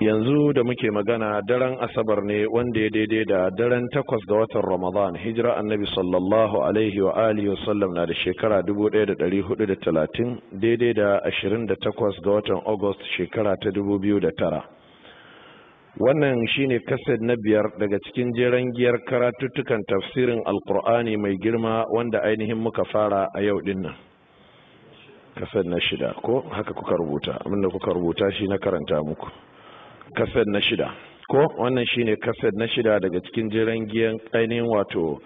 yanzu da muke magana daren asabar ne wanda ya daidai da daren takwas ga watan ramadan hijira annabi sallallahu alaihi wa alihi wasallam na da shekara 1430 daidai da 28 ga watan august shekara ta 2009 wannan shine kaset na biyar daga cikin jeren giyar karatuttukan tafsirin alkur'ani mai girma wanda ainihin muka fara a yau dinnan kasar na shida ko haka kuka rubuta abinda kuka rubuta shi na karanta muku kasar na shida ko wannan shine kasar na shida daga cikin jiran giyan ainihin wato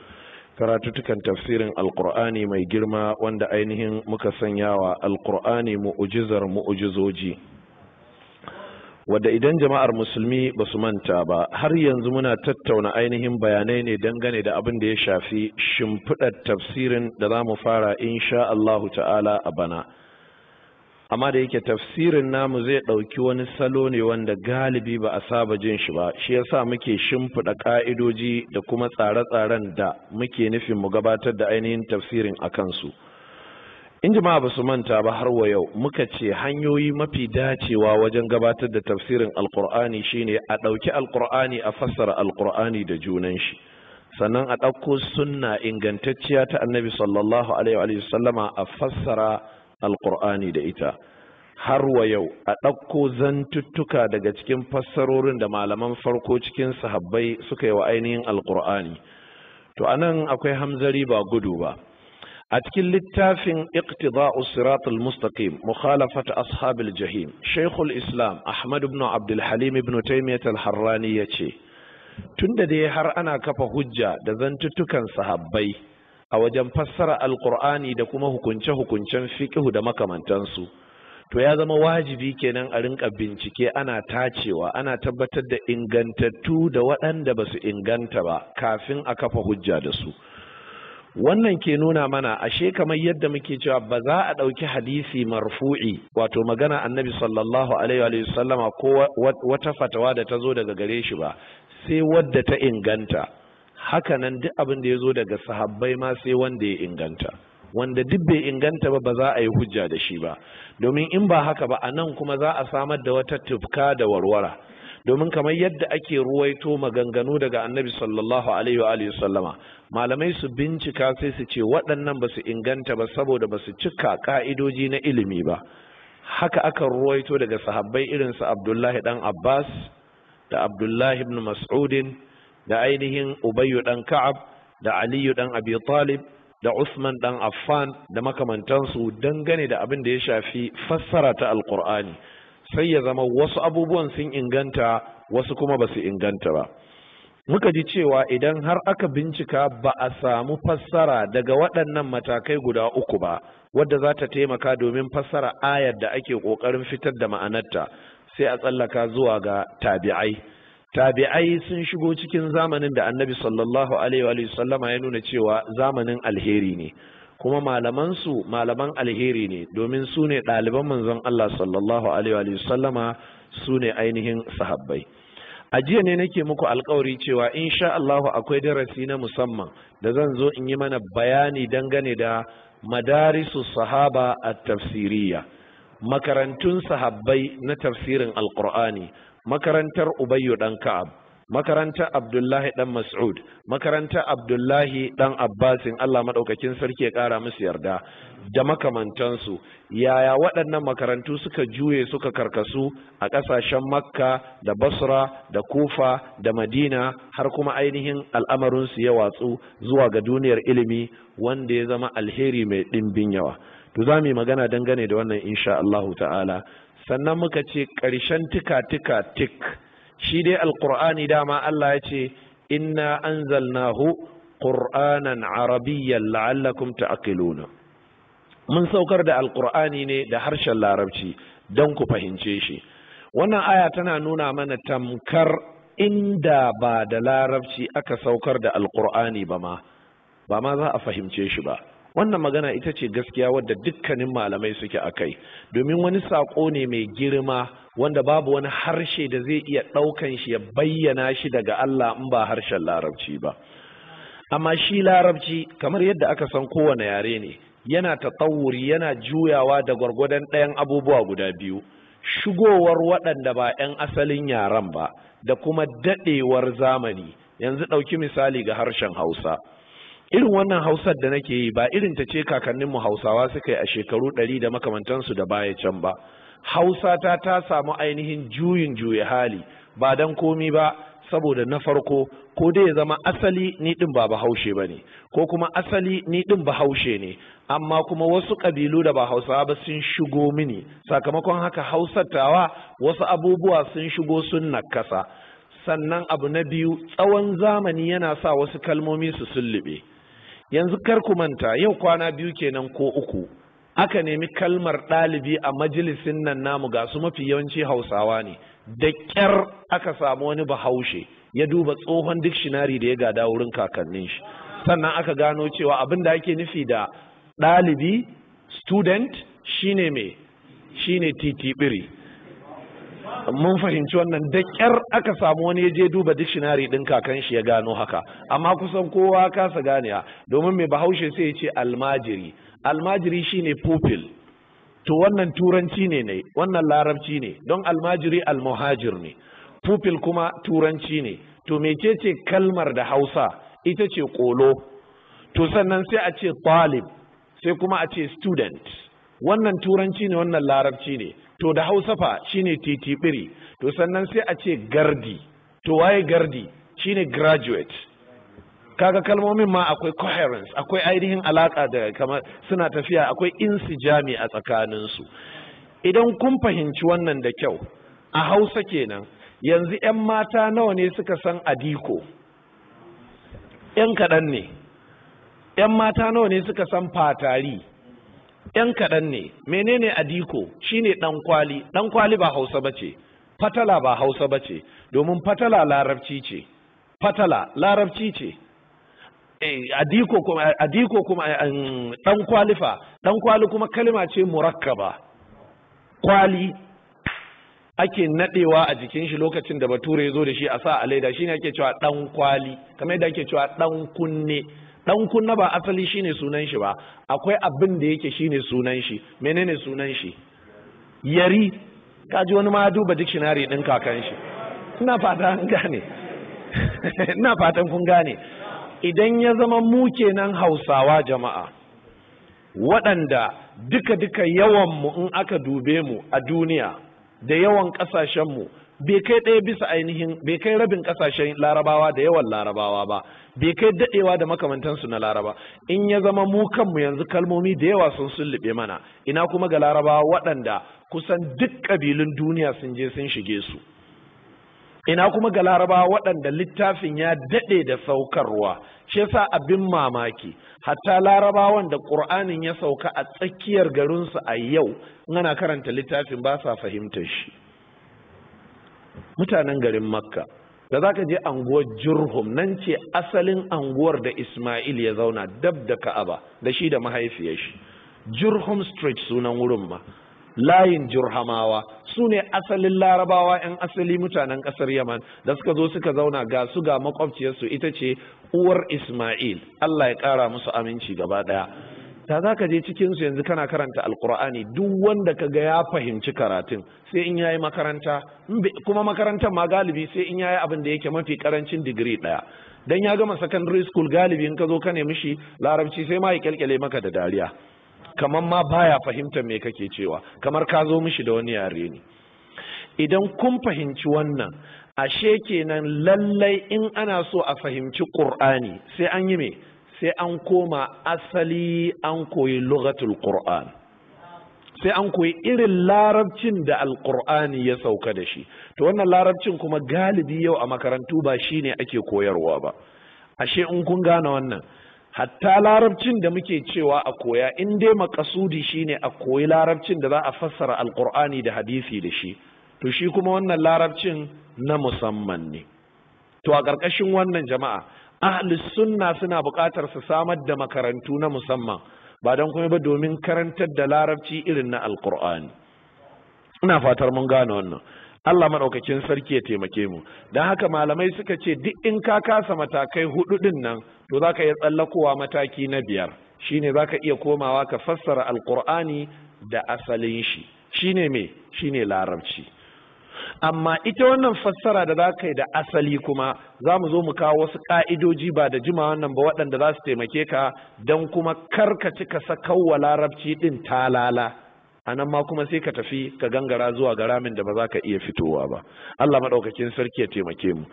karatutukan tafsirin alkur'ani mai girma wanda ainihin muka sanya wa alkur'ani mu'ujizar mu'ujizoji wadda idan jama'ar musulmi ba su manta ba har yanzu muna tattauna ainihin bayanai ne dangane da abin da ya shafi shimfiɗar tafsirin da za mu fara insha Allahu ta'ala a bana. amma da yake tafsirin namu zai ɗauki wani salo ne wanda galibi ba a saba jin shi ba shi yasa muke shimfiɗa ƙa'idoji da kuma tsare-tsaren da muke nufin mu gabatar da ainihin tafsirin a kansu in jama'a ba su manta ba har wa yau muka ce hanyoyi mafi dacewa wajen gabatar da tafsirin alkur'ani shine a ɗauki alkur'ani a fassara alkur'ani da junan shi sannan a ɗauko sunna ingantacciya ta annabi sallallahu alaihi wa sallama a fassara alkur'ani da ita har wa yau a ɗauko zantuttuka daga cikin fassarorin da malaman farko cikin sahabbai suka yi wa ainihin alkur'ani to anan akwai hamzari ba gudu ba a cikin littafin iqtida'u siratul mustaqim mukhalafat ashabil jahim shaykhul islam ahmad ibn abdul halim ibn taymiyyah al-harrani yace tunda dai har ana kafa hujja da zantuttukan sahabbai a wajen fassara alkur'ani da kuma hukunce-hukuncen fiƙihu da makamantansu to ya zama wajibi kenan a rinka bincike ana tacewa ana tabbatar da ingantattu da waɗanda ba su inganta ba kafin a kafa hujja da su wannan ke nuna mana ashe kamar yadda muke cewa ba za a ɗauki hadisi marfu'i wato magana annabi sallallahu alaihi wa sallama ko wata fatawa da ta zo daga gare shi ba sai wadda ta inganta hakanan duk abin da ya zo daga sahabbai ma sai wanda ya inganta wanda duk bai inganta ba ba za a yi hujja da shi ba domin in ba haka ba a nan kuma za a samar da wata tufka da warwara domin kamar yadda ake ruwaito maganganu daga annabi sallallahu alaihi wa sallama malamai su bincika sai su ce waɗannan ba su inganta ba saboda ba su cika ka'idoji na ilimi ba haka aka ruwaito daga sahabbai irinsu abdullahi ɗan abbas da abdullahi ibn mas'udin da ainihin ubayyu ɗan ka'ab da aliyu dan abi talib da usman ɗan affan da makamantansu dangane da abin da ya shafi fassara ta Alƙur'ani, sai ya zama wasu abubuwan sun inganta wasu kuma ba su inganta ba muka ji cewa idan har aka bincika ba a samu fassara daga waɗannan matakai guda uku ba wadda za ta taimaka domin fassara ayar da ake ƙoƙarin fitar da ma'anarta sai a tsallaka zuwa ga tabi'ai tabi'ai sun shigo cikin zamanin da annabi sallallahu alaihi wa sallama ya nuna cewa zamanin alheri ne kuma malaman malaman alheri ne domin su ne ɗaliban manzon Allah sallallahu alaihi wa sallama su ne ainihin sahabbai a jiya ne nake muku alkawari cewa insha Allah akwai darasi na musamman da zan zo in yi mana bayani dangane da madarisu sahaba at-tafsiriyya makarantun sahabbai na tafsirin alqur'ani makarantar ubayyu ɗan ka'ab makarantar abdullahi ɗan mas'ud makarantar abdullahi ɗan abbasin allah maɗaukakin sarki ya ƙara musu yarda da makamantansu yaya waɗannan makarantu suka juye suka karkasu a ƙasashen makka da basra da kufa da madina har kuma ainihin al'amarinsu ya watsu zuwa ga duniyar ilimi wanda ya zama alheri mai ɗimbin yawa to za mu yi magana dangane da wannan insha Allahu ta'ala sannan muka ce ƙarshen tika-tika tik shi dai alƙur'ani dama Allah ya ce inna anzalnahu qur'anan arabiyyan la'allakum ta'qiluna mun saukar da alƙur'ani ne da harshen larabci don ku fahimce shi wannan aya tana nuna mana tamkar inda ba da larabci aka saukar da alƙur'ani ba ma ba ma za a fahimce shi ba wannan magana ita ce gaskiya wadda dukkanin malamai suke a kai domin wani saƙo ne mai girma wanda babu wani harshe da zai iya ɗaukan shi ya bayyana shi daga Allah in ba harshen larabci ba amma shi larabci kamar yadda aka san kowane yare ne yana ta tatsawuri yana juyawa da gwargwadon ɗayan abubuwa guda biyu shigowar waɗanda ba 'yan asalin yaren ba da kuma daɗewar zamani yanzu ɗauki misali ga harshen hausa irin wannan hausar da nake yi ba irin ta ce kakanninmu hausawa suka yi a shekaru ɗari da makamantansu da baya can ba hausa ta ta samu ainihin juyin juya hali ba don komi ba saboda na farko ko dai ya zama asali ni din ba bahaushe ba ne ko kuma asali ni din bahaushe ne amma kuma wasu ƙabilu da ba hausawa ba sun shigo mini sakamakon haka hausatawa wasu abubuwa sun shigo sun nakasa sannan abu na biyu tsawon zamani yana sa wasu kalmomi su sullube yanzu kar ku manta yau kwana biyu kenan ko uku aka nemi kalmar ɗalibi a majalisin nan namu ga su mafi yawanci hausawa ne da ƙyar aka samu wani bahaushe ya duba tsohon shinari da ya gada wurin kakannin shi sannan aka gano cewa abin da ake nufi da ɗalibi student shine mai shine titibiri mun fahimci wannan da ƙyar aka samu wani ya je duba dictionary ɗin kakan shi ya gano haka amma kusan kowa kasa ganiya domin mai bahaushe sai ya ce almajiri almajiri shine pupil to wannan turanci ne ne wannan larabci ne don almajiri almuhajir ne pupil kuma turanci ne to mecece kalmar da hausa ita ce ƙolo to sannan sai a ce talib sai kuma a ce student wannan turanci ne wannan larabci ne to da hausa fa shine titibiri to sannan sai a ce gardi to waye gardi shine graduate kaga kalmomin ma akwai coherence akwai ainihin alaka da kamar suna tafiya akwai insijami a tsakaninsu idan kun fahimci wannan da kyau a hausa kenan yanzu 'yan mata nawa ne suka san adiko 'yan kaɗan ne 'yan mata nawa ne suka san fatari 'yan kaɗan ne menene adiko shine ɗan kwali ɗan kwali ba hausa ba ce fatala ba hausa ba ce domin fatala larabci ce fatala larabci ce eh, adiko kuma adiko kuma um, ɗan ɗan kwali kuma kalima ce murakkaba kwali ake naɗewa a jikin shi lokacin da bature ya zo da shi a sa a laida shine ake cewa ɗan kwali kamar yadda ake cewa ɗan kunne dan kunna ba asali shine sunan shi ba akwai abin da yake shine sunan shi menene sunan shi yari kaji wani ma duba dictionary din kakan shi ina fata an gane ina fatan kun gane idan ya zama mu kenan Hausawa jama'a waɗanda duka duka yawan mu in aka dube mu a duniya da yawan kasashen mu bai kai ɗaya bisa ainihin bai kai rabin kasashen larabawa da yawan larabawa ba bai kai dadewa da makamantansu na laraba in ya zama mu kanmu yanzu kalmomi da yawa sun sullube mana ina kuma ga laraba waɗanda kusan duk ƙabilun duniya sun je sun shige su ina kuma ga laraba waɗanda littafin ya daɗe da saukarwa shi yasa abin mamaki hatta larabawan da ƙur'anin ya sauka a tsakiyar garinsu a yau ana karanta littafin ba sa fahimtar shi mutanen garin makka da za ka je anguwar jurhum nan ce asalin anguwar da ismail ya zauna dab da ka'aba da shi da mahaifiyar shi jurhum street sunan wurin ma layin jurhamawa su ne asalin larabawa 'yan asali mutanen ƙasar yaman da suka zo suka zauna ga su ga makwabciyarsu ita ce uwar ismail allah ya ƙara musu aminci gaba ɗaya da za ka je cikinsu yanzu kana karanta alkur'ani duk wanda ka ga ya fahimci karatun sai in yayi makaranta kuma makarantar ma galibi sai in yayi abin da yake mafi karancin digiri ɗaya dan ya gama secondary school galibi in ka zo ka nemi shi larabci sai ma ya kyalkyale maka da dariya kamar ma baya fahimtar me kake cewa kamar ka zo mishi da wani yare ne idan kun fahimci wannan ashe kenan lallai in ana so a fahimci qur'ani sai an yi me sai an koma asali an koyi lugatul qur'an sai an koyi irin larabcin da alqur'ani ya sauka da shi to wannan larabcin kuma galibi yau a makarantu ba shine ake koyarwa ba ashe in kun gane wannan hatta larabcin da muke cewa a koya in dai makasudi shine a koyi larabcin da za a fassara alqur'ani da hadisi da shi to shi kuma wannan larabcin na musamman ne to a ƙarƙashin wannan jama'a ahlus sunna suna buƙatar su samar da makarantu na musamman ba don kuma ba domin karantar da larabci irin na alkur'ani ina fatar mun gane wannan Allah maɗaukakin sarki ya taimake mu don haka malamai suka ce duk in ka kasa matakai huɗu din nan to za ka iya tsallakowa mataki na biyar shine za ka iya komawa ka fassara alkur'ani da asalin shi shine me shine larabci amma ita wannan fassara da za ka yi da asali kuma za mu zo mu kawo wasu ƙa'idoji ba da jima wannan ba waɗanda za su taimake ka don kuma kar ka sakawwa larabci ɗin talala a nan ma kuma sai ka tafi ka gangara zuwa ga ramin da ba za ka iya fitowa ba Allah maɗaukakin sarki ya taimake mu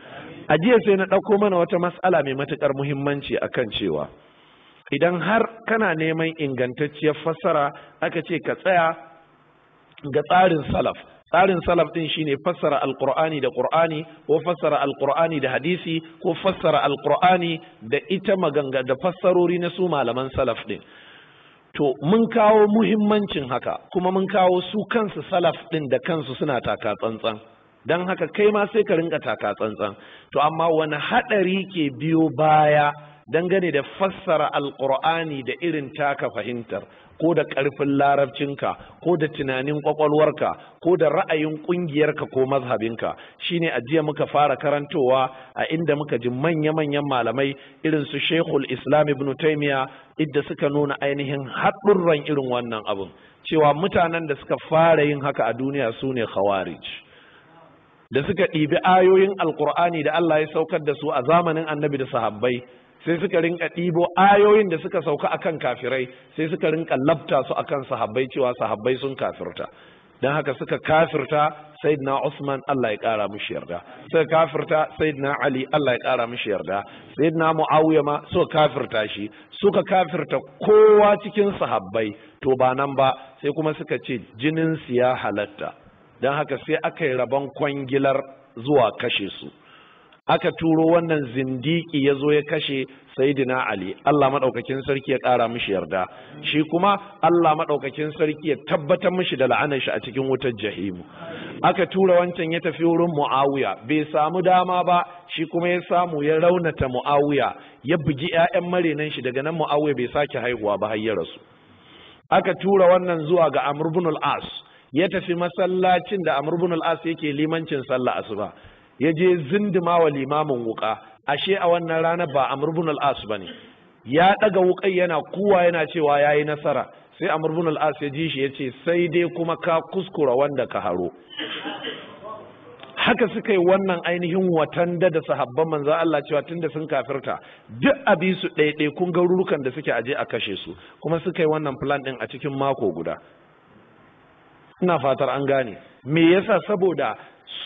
a jiya sai na ɗauko mana wata matsala mai matuƙar muhimmanci akan cewa idan har kana neman ingantacciyar fassara aka ce ka tsaya ga tsarin salaf tsarin salaf din shine fassara alqur'ani da qur'ani ko fassara alqur'ani da hadisi ko fassara alqur'ani da ita maganga da fassarori na su malaman salaf din to mun kawo muhimmancin haka kuma mun kawo su kansu salaf din da kansu suna taka tsantsan dan haka kai ma sai ka rinka taka tsantsan to amma wani hadari ke biyo baya dangane da fassara alkur'ani da irin taka fahimtar ko da ƙarfin larabcinka ko da tunanin ƙwaƙwalwarka ko da ra'ayin ƙungiyarka ko mazhabinka shine a jiya muka fara karantowa a inda muka ji manya-manyan malamai irin su shekul islam ibn taimiya idda suka nuna ainihin haɗurran irin wannan abun. cewa mutanen da suka fara yin haka a duniya su ne khawarij da suka ɗibi ayoyin alkur'ani da allah ya saukar da su a zamanin annabi da sahabbai sai suka rinka ɗibo ayoyin da suka sauka akan kafirai sai suka rinka labta su akan sahabbai cewa sahabbai sun kafirta don haka suka kafirta sayyidina Usman Allah ya kara mishi yarda suka kafirta sayyidina Ali Allah ya kara mishi yarda sayyidina Muawiya ma suka kafirta shi suka kafirta kowa cikin sahabbai to ba nan ba sai kuma suka ce jinin su ya halatta don haka sai aka yi rabon kwangilar zuwa kashe su aka turo wannan zindiki ya zo ya kashe saidina ali allah maɗaukakin sarki ya ƙara mishi yarda shi kuma allah maɗaukakin sarki ya tabbatar mishi da la'anar shi a cikin wutar jahimu aka tura wancan ya tafi wurin mu'awiya bai samu dama ba shi kuma ya samu ya raunata mu'awiya ya bugi 'ya'yan marinan shi daga nan mu'awiya bai sake haihuwa ba har aka tura wannan zuwa ga amr as ya tafi masallacin da amr as yake limancin sallah asuba ya je zindima wa limamin wuka ashe a wannan rana ba a ibn al bane ya ɗaga wukai yana kuwa yana cewa yayi nasara sai a ibn ya ji shi ya ce sai dai kuma ka kuskura wanda ka haro haka suka yi wannan ainihin watan da sahabban manzo Allah cewa tun da sun kafirta duk bi su ɗaiɗai kun rurukan da suke aje a kashe su kuma suka yi wannan plan ɗin a cikin mako guda ina fatar an gane me yasa saboda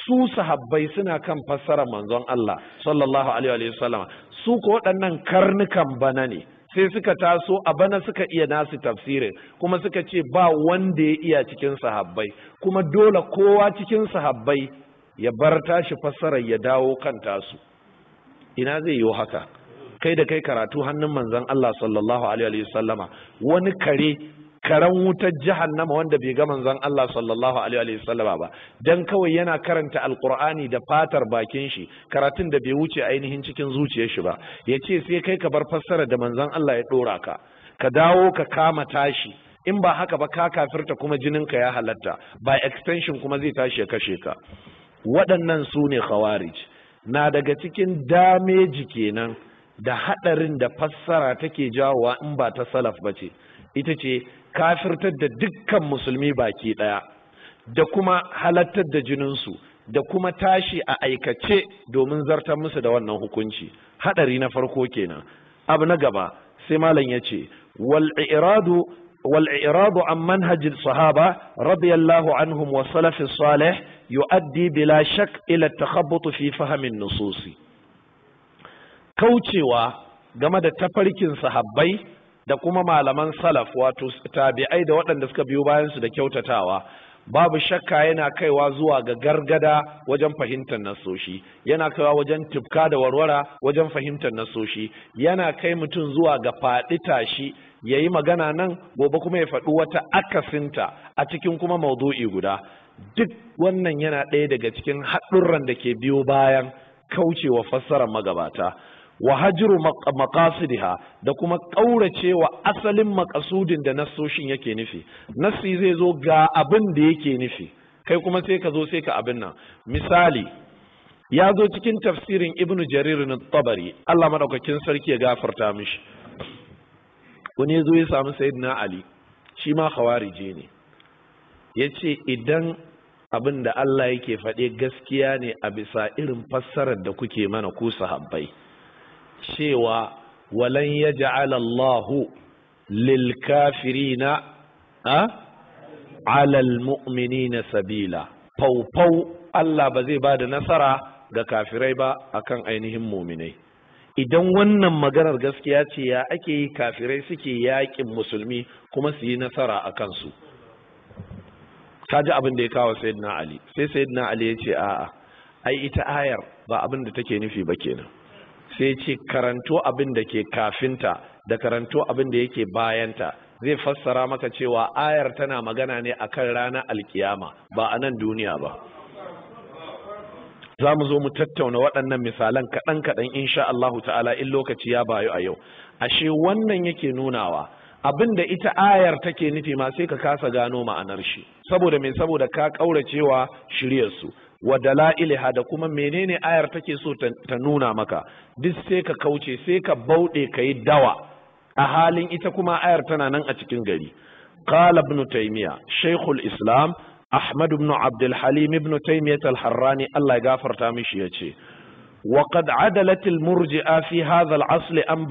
su sahabbai suna kan fassara manzon Allah sallallahu alaihi wasallam su ko waɗannan karnukan bana ne sai suka taso a bana suka iya nasu tafsirin kuma suka ce ba wanda ya iya cikin sahabbai kuma dole kowa cikin sahabbai ya bar tashi fassarar ya dawo kan tasu ina zai yi haka kai da kai karatu hannun manzon Allah sallallahu alaihi wasallama wani kare karan wutar jahannama wanda bai ga manzon Allah sallallahu alaihi wa ba dan kawai yana karanta alqur'ani da fatar bakin shi karatun da bai wuce ainihin cikin zuciyar shi ba yace sai kai ka bar fassara da manzon Allah ya dora ka ka dawo ka kama tashi in ba haka ba ka kafirta kuma jinin ka ya halatta ba extension kuma zai tashi ya kashe ka waɗannan su ne khawarij na daga cikin dameji kenan da haɗarin da fassara take jawowa in ba ta salaf ba ita ce kafirtar da dukkan musulmi baki ɗaya da kuma halattar da jininsu da kuma tashi a aikace domin zartar musu da wannan hukunci haɗari na farko kenan abu na gaba sai malam ya ce wal'iradu والإعراض عن منهج الصحابة رضي الله عنهم والسلف الصالح يؤدي بلا شك إلى التخبط في فهم النصوص Kaucewa game da tafarkin sahabbai da kuma malaman salaf wato tabi'ai da waɗanda suka biyo bayan su da kyautatawa babu shakka yana kaiwa zuwa ga gargada wajen fahimtar nasoshi yana kaiwa wajen tufka da warwara wajen fahimtar nasoshi yana kai mutum zuwa ga faɗi tashi ya yi magana nan gobe kuma ya faɗi wata akasinta a cikin kuma maudu'i guda duk wannan yana ɗaya daga cikin haɗurran da ke biyo bayan kaucewa fassarar magabata wa hajru maqasidiha da kuma ƙauracewa asalin makasudin da nassoshin yake nufi nassi zai zo ga abin da yake nufi kai kuma sai ka zo sai ka abin nan misali ya zo cikin tafsirin ibnu jarir na tabari Allah madaukakin sarki ya gafarta mishi wani ya zo ya samu sayyidina ali shi ma khawarije ne yace idan abin da Allah yake faɗe gaskiya ne a bisa irin fassarar da kuke mana ku sahabbai cewa walan ya Allahu lil kafirina a alal na sabila faufau Allah ba zai ba da nasara ga kafirai ba akan ainihin muminai idan wannan maganar gaskiya ce ya ake yi kafirai suke yaƙin musulmi kuma su yi nasara a kansu ji abin da ya kawo sayyidina ali sai sayyidina ali ya ce a'a ai ita ayar ba abin da take nufi ba kenan sai ce karanto abin da ke kafinta da karanto abin da yake bayanta zai fassara maka cewa ayar tana magana ne akan ranar alkiyama ba a nan duniya ba za mu zo mu tattauna waɗannan misalan kaɗan-kaɗan insha Allahu ta'ala in lokaci ya bayu a yau ashe wannan yake nunawa abin da ita ayar take nufi ma sai ka kasa gano ma'anar shi saboda mai saboda ka cewa shiryarsu wa dala'iliha da kuma menene ayar take so ta nuna maka duk sai ka kauce sai ka bauɗe ka yi dawa a halin ita kuma ayar tana nan a cikin gari qala ibn taymiya shaykhul islam ahmad ibn abd al-halim ibn taymiya al-harrani Allah ya gafarta mishi yace وقد عدلت المرجئة في هذا العصر عن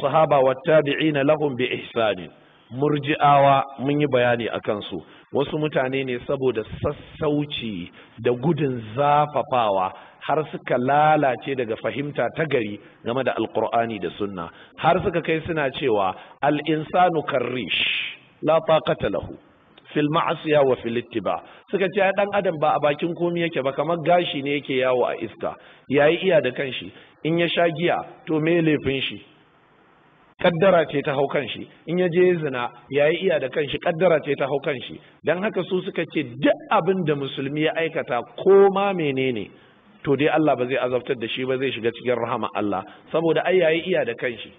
sahaba wa والسنة lahum bi ihsanin. Murji'awa mun yi bayani a kansu. wasu mutane ne saboda sassauci da gudun zafafawa har suka lalace daga fahimta ta gari game da alkur'ani da sunna har suka kai suna cewa al'insanu karish la taqata lahu fil ma'asiya wa filitti ba. suka ce ya dan adam ba a bakin komi yake ba kamar gashi ne yake yawo a iska yayi iya da kanshi in ya sha giya to me laifin shi kaddara ce ta hau shi. in ya je zina ya yi iya da kanshi kaddara ce ta haukan shi. Don haka su suka ce duk abin da musulmi ya aikata ko ma menene to dai Allah ba zai azabtar da shi ba zai shiga cikin rahama Allah saboda ai yayi iya da kanshi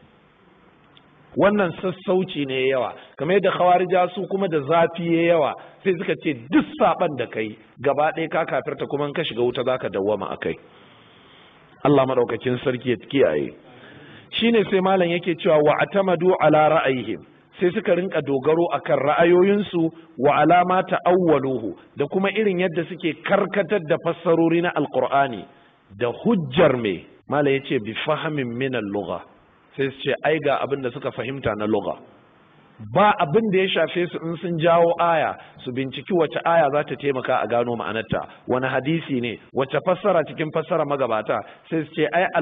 wannan sassauci ne yawa kamar yadda khawarija su kuma da zafi ya yawa sai suka ce duk saban da kai gaba ɗaya ka kafirta kuma in ka shiga wuta zaka dawwama akai Allah madaukakin sarki ya kiyaye shine sai malam yake cewa wa atamadu ala ra'ayihim sai suka rinka dogaro akan ra'ayoyinsu wa alama ta awwaluhu da kuma irin yadda suke karkatar da fassarori na alqur'ani da hujjar me malam yace bi fahimin min al-lugha sai su ce ai ga abin da suka fahimta na lugha ba abin da ya shafe su in sun jawo aya su binciki wace aya za ta taimaka a gano ma'anarta wani hadisi ne wace fassara cikin fassara magabata sai su ce ai a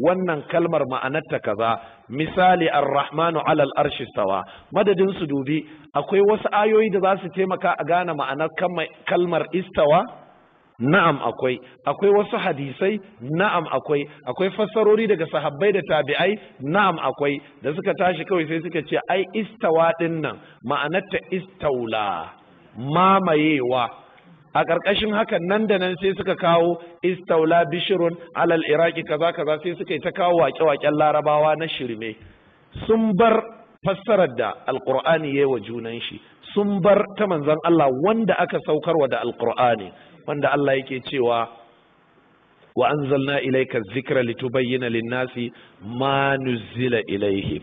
wannan kalmar ma'anarta kaza misali ar-rahmanu alal arshi Sawa. madadin su dubi akwai wasu ayoyi da za su taimaka a gane ma'anar kalmar istawa na'am akwai akwai wasu hadisai na'am akwai akwai fassarori daga sahabbai da tabi'ai na'am akwai da suka tashi kawai sai suka ce ai istawa din nan ta istaula mamayewa a ƙarƙashin hakan nan da nan sai suka kawo istaula bishirun alal iraki kaza kaza sai suka yi ta kawo wake-waken larabawa na shirme sun bar fassarar da alƙur'ani ya yi wa junan shi sun bar ta manzon Allah wanda aka saukarwa da alƙur'ani wanda Allah yake cewa wa anzalna ilayka dhikra litubayyana lin ma nuzila ilayhim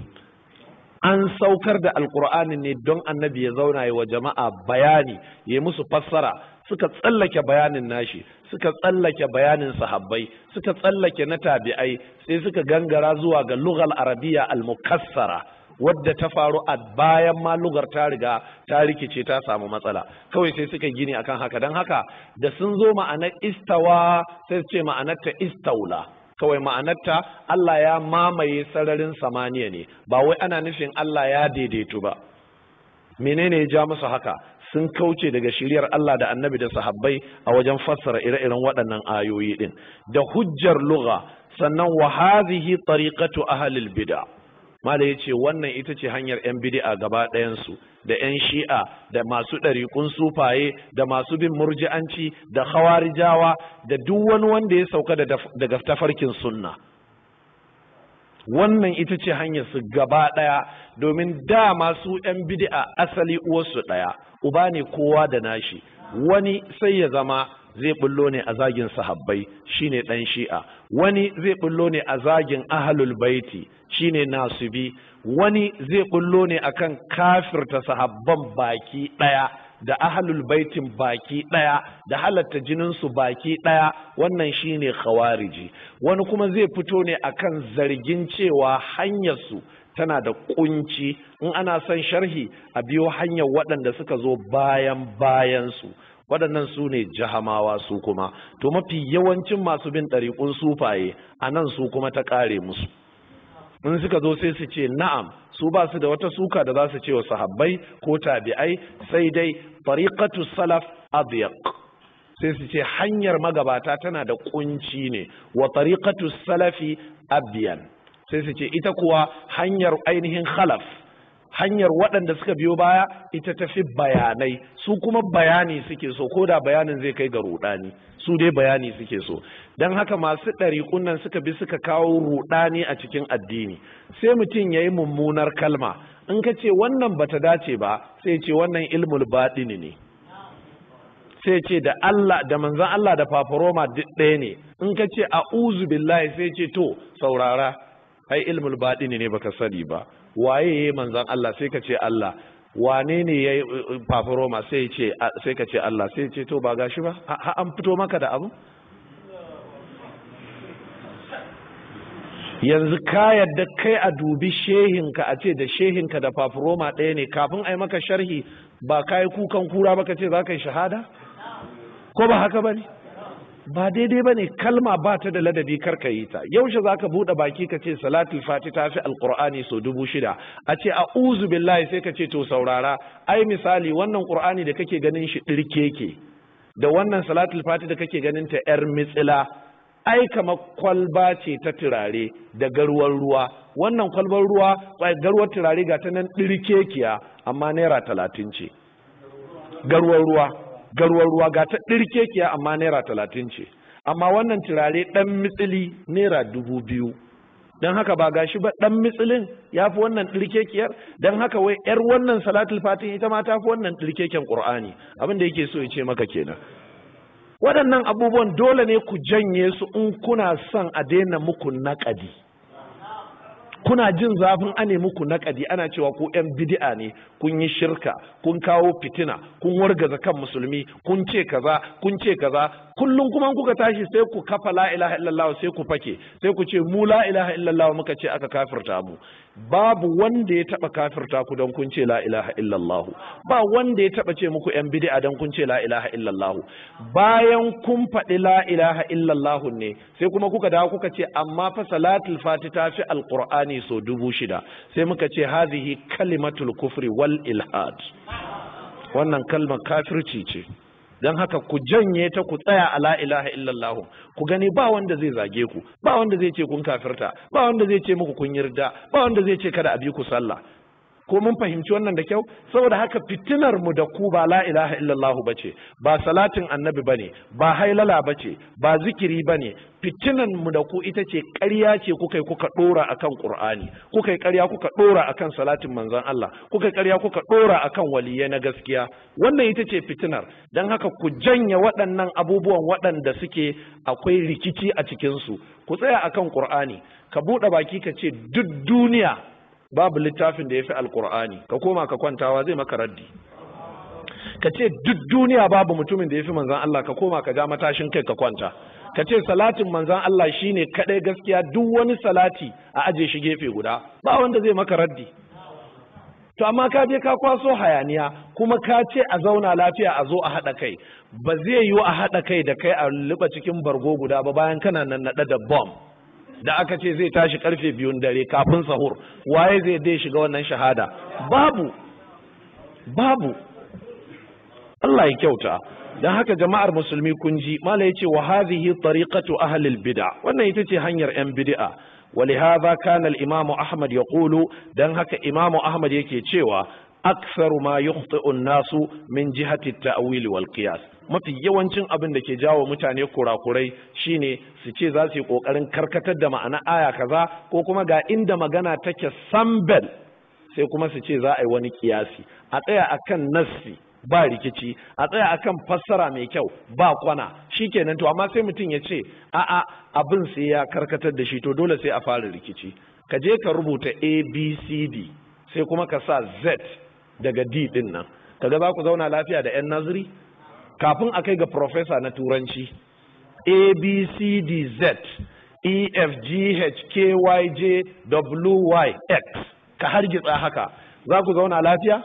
an saukar da alkur'ani ne don annabi ya zauna yi wa jama'a bayani ya musu fassara suka tsallake bayanin nashi suka tsallake bayanin sahabbai suka tsallake na tabi'ai sai suka gangara zuwa ga lughal arabiya al-mukassara wadda ta faru a bayan ma lugar ta riga ta rikice ta samu matsala kawai sai suka gini akan haka don haka da sun zo ma'anar istawa sai su ce ma'anarta istaula kawai ma'anarta Allah ya mamaye sararin samaniya ne ba wai ana nufin Allah ya daidaitu ba menene ya ja musu haka sun kauce daga shiriyar Allah da annabi da sahabbai a wajen fassara ire-iren waɗannan ayoyi ɗin da hujjar lugha sannan wa hadhihi tariqatu ahlil bid'a mala ya ce wannan ita ce hanyar 'yan bidi'a gaba ɗayansu da 'yan shi'a da masu ɗarikun sufaye da masu bin murji'anci da hawarijawa da duk wani wanda ya sauka daga tafarkin sunna wannan ita ce hanyar su gaba ɗaya domin da masu 'yan bidi'a asali uwarsu ɗaya uba ne kowa da nashi wani sai ya zama zai bullo ne a zagin sahabbai shine ɗan shi'a wani zai bullo ne a zagin ahlul baiti shine nasibi wani zai bullo ne akan kafirta sahabban baki ɗaya da ahlul baitin baki ɗaya da halatta jinin su baki ɗaya wannan shine khawariji wani kuma zai fito ne akan zargin cewa hanyarsu. tana da kunci in ana son sharhi a biyo hanyar waɗanda suka zo bayan bayansu, waɗannan su ne jahamawa su kuma to mafi yawancin masu bin ɗariƙun sufaye a nan su kuma ta ƙare musu in suka zo sai su ce na'am su ba su da wata suka da za su ce wa sahabbai ko tabi'ai sai dai fariƙatu salaf adyaq sai su ce hanyar magabata tana da kunci ne wa fariƙatu salafi abyan sai su ce ita kuwa hanyar ainihin khalaf hanyar waɗanda suka biyo baya ita ta fi bayanai su kuma bayani suke so ko da bayanin zai kai ga rudani su dai bayani suke so don haka masu ɗari kunnan suka bi suka kawo rudani a cikin addini sai mutum ya yi mummunar kalma in ka ce wannan bata dace ba sai ce wannan ilmul baɗini ne sai ce da Allah da manzan Allah da faforoma duk ɗaya ne in ka ce a uzu billahi sai ce to saurara ai ilmul baɗini ne baka sani ba waye yayi manzan Allah sai ka ce Allah wane ne yayi fafaroma eh, sai ce ah, sai ka Allah sai ce to ba gashi ba ha an fito maka da abu yanzu ka yadda kai a dubi shehinka a ce da shehinka da fafiroma ɗaya ne kafin a yi maka sharhi ba ka yi kukan kura ba ka ce za ka yi shahada ko ba haka ba ne ba daidai ba ne kalma ba ta da ladabi karka yi ta yaushe za ka buɗe baki ka ce salatul fati ta fi alƙur'ani so dubu shida a ce a uzu billahi sai ka ce to saurara ai misali wannan ƙur'ani da kake ganin shi ɗirkeke da wannan salatul fati da kake ganin ta yar mitsila ai kama kwalba ce ta turare da garuwar ruwa wannan kwalbar ruwa garuwar turare ga ta nan ɗirkekiya amma naira talatin ce garuwar ruwa garwar ruwa ga ta ɗirkekiya amma naira talatin ce amma wannan turare ɗan mitsili naira dubu biyu don haka ba gashi ba ɗan mitsilin ya fi wannan ɗirkekiyar don haka wai ‘yar wannan salatul fatin ita ma ta fi wannan ɗirkeken ƙur'ani abin da yake so ya ce maka kenan waɗannan abubuwan dole ne ku janye su in kuna son a daina muku naƙadi kuna jin zafin ane muku naƙadi ana cewa ku 'yan bidi'a ne kun yi shirka kun kawo fitina kun wargaza kan musulmi kun ce kaza kun ce kaza kullum kuma kuka tashi sai ku kafa la ilaha illallah sai ku fake sai ku ce mu la ilaha illallah muka ce aka kafirta mu babu wanda ya taba kafirta ku don kun ce la ilaha illallah ba wanda ya taba ce muku 'yan bidi'a don kun ce la ilaha illallah bayan kun faɗi la ilaha illallah ne sai kuma kuka dawo kuka ce amma fa salatul fatita ta fi alqur'ani alkur'ani so dubu shida sai muka ce hazihi kalimatul kufri wal ilhad wannan kalmar kafirci ce don haka ku janye ta ku tsaya ala ilaha illallahu, ku gani ba wanda zai zage ku ba wanda zai ce kun kafirta ba wanda zai ce muku kun yarda ba wanda zai ce kada a bi ku sallah ko mun fahimci wannan da kyau saboda haka fitinar mu da ku ba la ilaha illallah bace ba salatin annabi bane ba hailala bace ba zikiri bane fitinan mu da ku ita ce ƙarya ce kuka kuka dora akan qur'ani kuka yi ƙarya kuka dora akan salatin manzon Allah kuka ƙarya kuka dora akan waliyya na gaskiya wannan ita ce fitinar dan haka ku janya waɗannan abubuwan waɗanda suke akwai rikici a cikin su ku tsaya akan qur'ani ka buɗe baki ka ce duk duniya babu littafin da ya fi alkur'ani ka koma ka kwantawa zai maka raddi ka ce duk duniya babu mutumin da ya fi manzan Allah ka koma ka ja matashin kai ka kwanta ka ce salatin manzan Allah shi ne kaɗai gaskiya duk wani salati a aje shi gefe guda ba wanda zai maka raddi to amma ka je ka kwaso hayaniya kuma ka ce a zauna lafiya a zo a haɗa kai ba zai yiwu a haɗa kai da kai a liba cikin bargo guda ba bayan kana nan naɗa da bom. da aka ce zai tashi karfe biyun dare kafin sahur waye zai dai shiga wannan shahada babu babu Allah ya kyauta dan haka jama'ar musulmi kun ji mala yace wa hadhihi tariqatu ahli al-bid'a wannan ita ce hanyar yan bid'a ولهذا كان الإمام أحمد يقول دن هكا إمام أحمد يكي تشيوا أكثر ما يخطئ الناس من جهة التأويل والقياس mafi yawancin abin da ke jawo mutane kurakurai shine su ce za su yi kokarin karkatar da ma'ana aya kaza ko kuma ga inda magana take sambel sai kuma su ce za a yi wani kiyasi a tsaya akan nassi ba rikici a tsaya akan fassara mai kyau ba kwana shi kenan to amma sai mutum ya ce a'a abin sai ya karkatar da shi to dole sai a fara rikici ka je ka rubuta abcd sai kuma ka sa z daga d din nan kaga za ku zauna lafiya da yan nazari kafin a kai ga profesa na turanci a b c d z e f g h k y j w y x ka hargitsa haka za ku zauna lafiya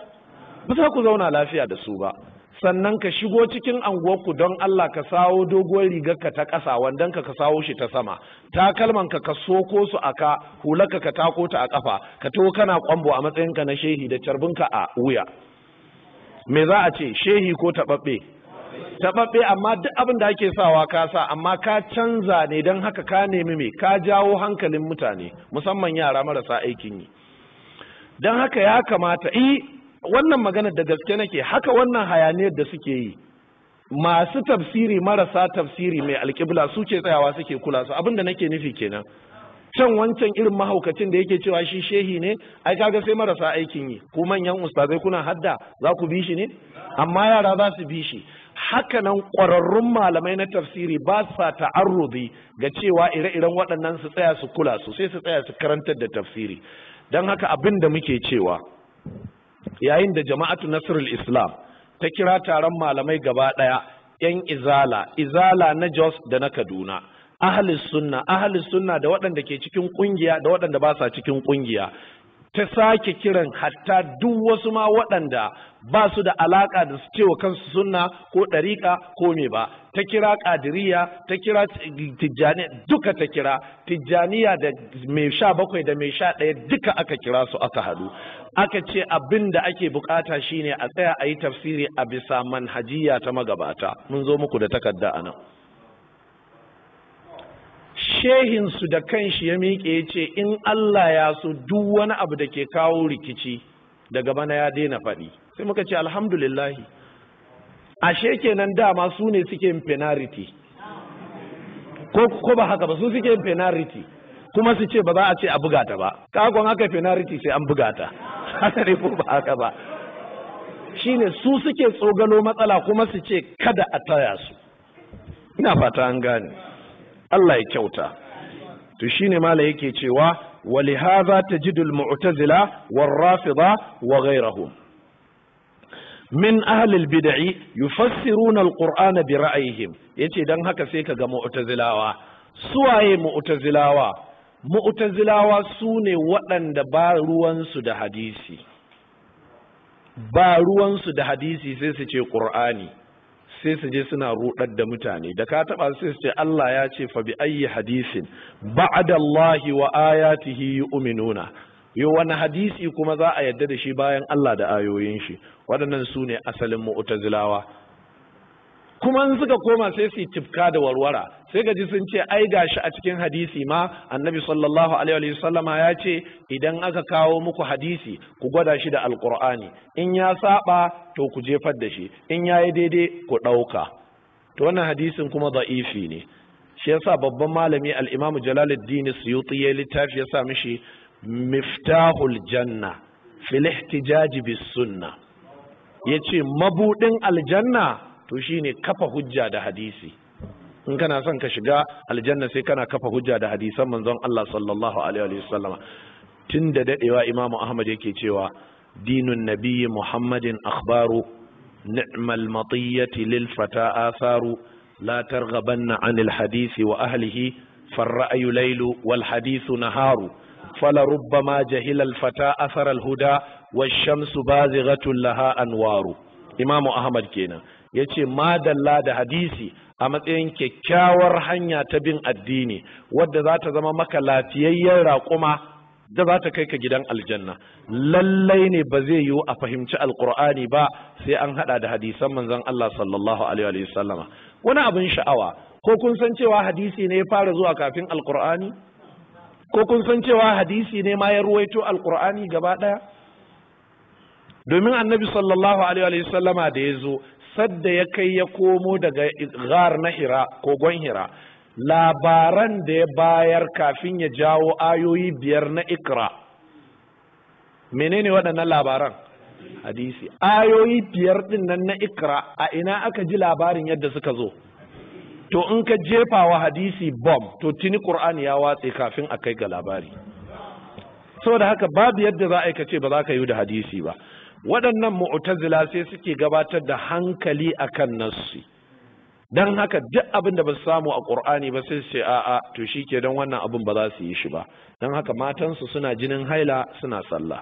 ba za ku zauna lafiya da su ba sannan ka shigo cikin anguwarku don Allah ka sawo doguwar rigarka ta ƙasa wandon ka ka sawo shi ta sama takalman ka ka soko su a ka hulaka ka tako ta a ƙafa ka to kana kwambo a matsayinka na shehi da carbinka a wuya me za a ce shehi ko taɓaɓɓe taɓaɓɓe amma duk abin da ake sawa ka sa amma ka canza ne don haka ka nemi me ka jawo hankalin mutane musamman yara marasa aikin yi don haka ya kamata i wannan magana da gaske nake haka wannan hayaniyar da suke yi masu tafsiri marasa tafsiri mai alƙibla suke tsayawa suke kula su abin da nake nufi kenan can wancan irin mahaukacin da yake cewa shi shehi ne ai kaga sai marasa aikin yi ku manyan ustazai kuna hadda za ku bi shi ne amma yara za su bi shi hakanan ƙwararrun malamai na tafsiri ba sa ta'arruzi ga cewa ire-iren waɗannan su tsaya su kula su sai su tsaya su karantar da tafsiri don haka abin da muke cewa yayin da jama'atu nasrul islam ta kira taron malamai gaba ɗaya yan izala izala na jos da na kaduna ahli sunna ahli sunna da waɗanda ke cikin ƙungiya da waɗanda ba sa cikin ƙungiya ta sake kiran hatta duk wasu ma waɗanda ba su da alaƙa da su cewa kansu sunna ko ɗariƙa ko me ba ta kira ƙadiriya ta kira tijjaniya, duka ta kira tijjaniya da mai sha bakwai da mai sha ɗaya duka aka kira su aka haɗu aka ce abin da ake bukata shine a tsaya a yi tafsiri a bisa manhajiya ta magabata mun zo muku da takarda a nan shehinsu da kanshi ya miƙe ya ce in Allah ya so duk wani abu da ke kawo rikici daga bana ya daina faɗi sai muka ce alhamdulillahi A kenan dama su ne suke yin ko ko ba haka ba su suke yin kuma su ce ba za a ce a buga ta ba kakon haka penariti sai an buga ta haka ne ko ba haka ba shine su suke tsogalo matsala kuma su ce kada a taya su ina fata an gane Allah ya kyauta to shine mala yake cewa ولهذا تجد المعتزلة wa وغيرهم min ahlil bid'i yufassiruna alqur'ana bi ra'ayihim yace dan haka sai kaga mu'tazilawa suwaye mu'tazilawa mu'tazilawa sune waɗanda ba ruwan su da hadisi ba ruwan su da hadisi sai su ce qur'ani sai su je suna rudar da mutane da ka taba sai su ce Allah ya ce fa bi ayyi hadisin ba'da Allah wa ayatihi yu'minuna yo wani hadisi kuma za a yadda da shi bayan Allah da ayoyin shi waɗannan su ne asalin mu'tazilawa kuma in suka koma sai su tifka da warwara sai gaji sun ce ai gashi a cikin hadisi ma annabi sallallahu alaihi wa sallama ya ce idan aka kawo muku hadisi ku gwada shi da alqur'ani in ya saba to ku jefar da shi in yayi daidai ku dauka to wannan hadisin kuma da'ifi ne shi yasa babban malami al-imamu jalaluddin suyuti ya littafi ya sa mishi miftahul janna fil ihtijaj bis sunna yace mabudin aljanna to shine kafa hujja da hadisi in kana son ka shiga aljanna sai kana kafa hujja da hadisan manzon Allah sallallahu alaihi wa sallama tun dadewa imamu ahmad yake cewa dinun nabiyyi muhammadin akhbaru ni'mal matiyati lil fata atharu la targhabanna anil hadisi wa ahlihi فالرأي ليل والحديث نهار فلربما جهل الفتى أثر الهدى والشمس بازغة لها أنوار إمام أحمد كينا ya ce madalla da hadisi a matsayin kyakkyawar hanya ta bin addini wadda za ta zama maka lafiyayyen raƙuma da za ta kai ka gidan aljanna lallai ne ba zai yiwu a fahimci alkur'ani ba sai an hada da hadisan manzon Allah sallallahu alaihi wa wani abin sha'awa ko kun san cewa hadisi ne ya fara zuwa kafin alkur'ani ko kun san cewa hadisi ne ma ya ruwaito alkur'ani gaba ɗaya? domin annabi sallallahu alaihi wa sallama da ya zo sadda ya kai ya komo daga ghar na hira kogon hira labaran da ya bayar kafin ya jawo ayoyi biyar na ikra menene waɗannan labaran hadisi ayoyi biyar ɗin nan na ikra a ina aka ji labarin yadda suka zo to in ka jefa wa hadisi bom to tuni qur'ani ya watse kafin a kai ga labari saboda haka babu yadda za a ce ba za ka yi da hadisi ba waɗannan mu'tazila sai suke gabatar da hankali a kan nasu. Don haka duk abin da ba su samu a Kur'ani ba sai su ce a'a to shi ke don wannan abin ba za su yi shi ba Don haka matansu suna jinin haila suna sallah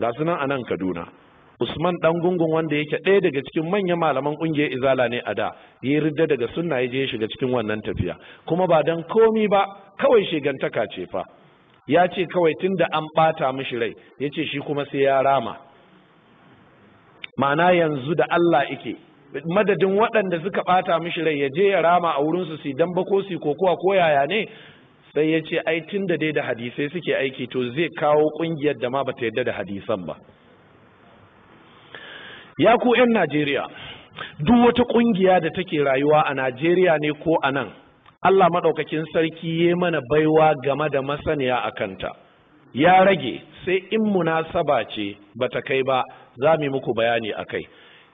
ga su a nan Kaduna Usman ɗan gungun wanda yake ɗaya daga cikin manyan malaman ƙungiyar Izala ne a da ya ridda daga sunna ya je shiga cikin wannan tafiya kuma ba don komi ba kawai shegantaka ce fa ya ce kawai tun da an ɓata mishi rai ya ce shi kuma sai ya rama ma'ana yanzu da Allah ike madadin waɗanda suka ɓata mishi rai ya je ya rama a wurinsu su dan bako su kokowa ko yaya ne sai ya ce ai tun da dai da hadisai suke aiki to zai kawo ƙungiyar da ma ba ta yadda da hadisan ba ya ku 'yan Najeriya duk wata ƙungiya da take rayuwa a Najeriya ne ko a nan Allah maɗaukakin sarki ya mana baiwa game da masaniya a kanta ya rage sai in munasaba ce bata kai ba za mu muku bayani a kai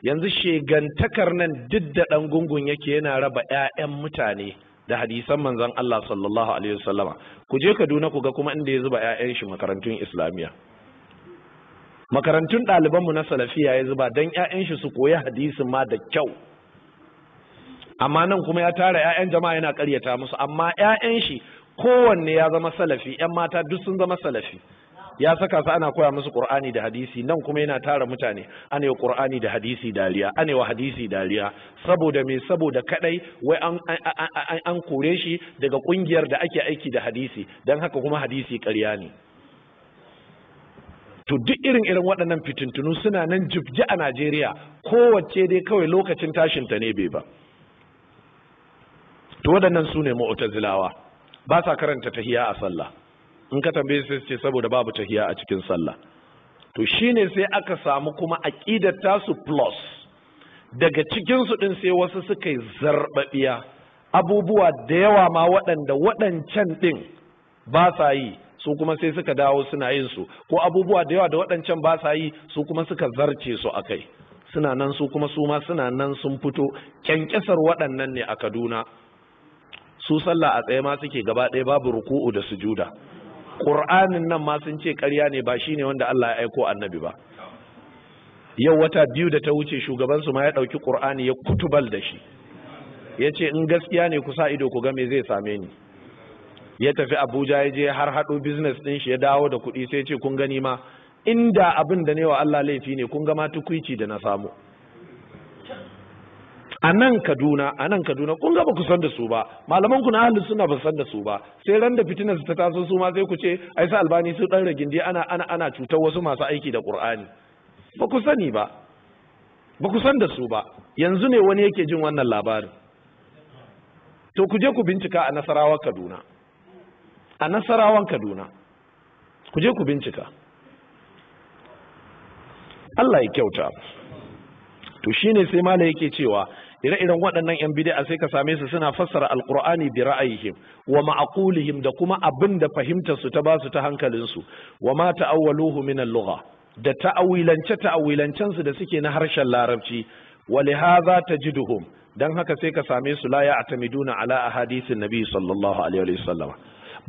yanzu shegantakar nan duk da ɗan gungun yake yana raba 'ya'yan mutane da hadisan manzan Allah sallallahu alaihi wasallama ku je Kaduna ku ga kuma inda ya zuba 'ya'yan shi makarantun Islamiyya makarantun ɗalibanmu na salafiya ya zuba don 'ya'yan shi su koyi hadisin ma da kyau amma nan kuma ya tara 'ya'yan jama'a yana karyata musu amma 'ya'yan shi kowanne ya zama salafi 'yan mata duk sun zama salafi ya saka su ana koya musu qur'ani da hadisi nan kuma yana tara mutane ana yi qur'ani da hadisi dariya ana wa hadisi dariya saboda me saboda kadai wai an an kore shi daga kungiyar da ake aiki da hadisi dan haka kuma hadisi ƙarya ne to duk irin irin waɗannan fitintunu suna nan jibji a Najeriya kowace dai kawai lokacin tashin ta ne bai ba to waɗannan sune ne mu'tazilawa ba sa karanta tahiya a sallah in ka tambaye sai ce saboda babu tahiya a cikin sallah to shine sai aka samu kuma aqidar su plus daga cikinsu su din sai wasu suka yi zarbabiya abubuwa da yawa ma waɗanda waɗancan din ba sa yi su kuma sai suka dawo suna yin su ko abubuwa da yawa da waɗancan ba sa yi su kuma suka zarce su akai suna nan su kuma su ma suna nan sun fito kyankyasar waɗannan ne a Kaduna su sallah a tsaye ma suke gaba ɗaya babu ruku'u da sujuda ƙur'anin nan ma sun ce ƙarya ne ba shine wanda Allah ya aiko annabi ba yau wata biyu da ta wuce shugaban su ma ya ɗauki ƙur'ani ya kutubal da shi ya ce in gaskiya ne ku sa ido ku ga me zai same ni ya tafi abuja ya je har haɗo business ɗin shi ya dawo da kuɗi sai ce kun gani ma inda abin da ne wa Allah laifi ne kun ga ma tukuici da na samu a nan kaduna a nan kaduna kun ga ba ku san da su ba malaman ku na ahlus sunna ba san da su ba sai ran da fitinar su ta taso su ma sai ku ce ai sa albani su dan ragindi ana ana ana cutar wasu masu aiki da qur'ani ba ku sani ba ba ku san da su ba yanzu ne wani yake jin wannan labarin to ku je ku bincika a nasarawa kaduna a nasarawan kaduna ku je ku bincika Allah ya kyauta to shine sai mala yake cewa ire-iren waɗannan yan bid'a sai ka same su suna fassara Alkur'ani bi ra'ayihim wa ma'qulihim da kuma abin da fahimtar su ta basu ta hankalin su wa ma ta'awwaluhu min al-lugha da ta'awilance ta'awilancen su da suke na harshen larabci wa ji tajiduhum dan haka sai ka same su la ya'tamiduna ala ahadithin nabi sallallahu alaihi wa sallam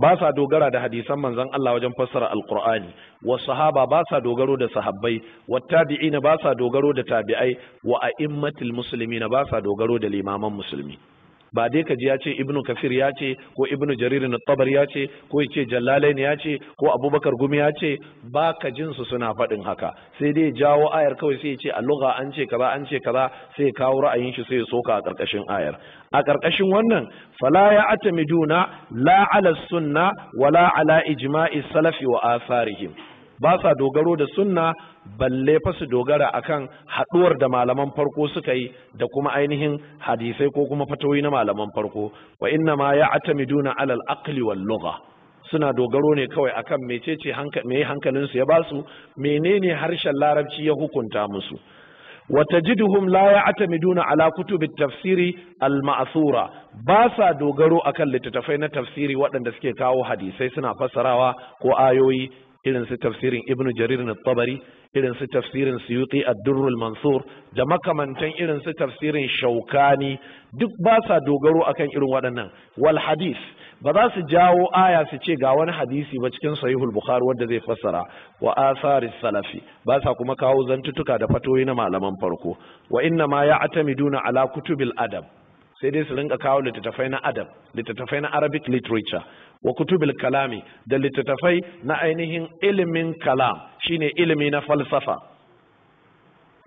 ba sa dogara da hadisan manzon Allah wajen fassara alqur'ani wa sahaba ba sa dogaro da sahabbai wa tabi'ina ba sa dogaro da tabi'ai wa a'immatul muslimina ba sa dogaro da limaman musulmi ba dai ka ji ya ce ibnu kafir ya ce ko ibnu jarir na tabar ya ce ko ya ce jallalain ya ce ko abubakar gumi ya ce ba ka jin su suna faɗin haka sai dai jawo ayar kawai sai ya ce a lugha an ce kaza an ce kaza sai ya kawo ra'ayin shi sai ya soka a ƙarƙashin ayar a ƙarƙashin wannan fala ya atamiduna la ala sunna wala ala ijma'i salafi wa asarihim ba sa dogaro da sunna balle fa su dogara akan haɗuwar da malaman farko suka yi da kuma ainihin hadisai ko kuma fatoyi na malaman farko wa inna ma ya'tamiduna alal aqli wal lugha suna dogaro ne kawai akan mecece me hankalin su ya ba su? menene harshen larabci ya hukunta musu وتجدهم لا يعتمدون على كتب التفسير المأثورة باسا دوغرو أكل na تفسيري waɗanda suke kawo hadisai suna فسراوا ko ayoyi. irin su tafsirin ibn jarir na tabari irin su tafsirin suyuti a durrul mansur da makamantan irin su tafsirin shaukani duk ba sa dogaro akan irin waɗannan wal hadis ba za su jawo aya su ce ga wani hadisi ba cikin sahihul bukhari wanda zai fassara wa asaris salafi ba sa kuma kawo zantutuka da fatoyi na malaman farko wa inna ma ya'tamiduna ala kutubil adab sai dai su rinka kawo littattafai na adab littattafai na arabic literature wa kutubil kalami da littattafai na ainihin ilimin kalam shine ilimi na falsafa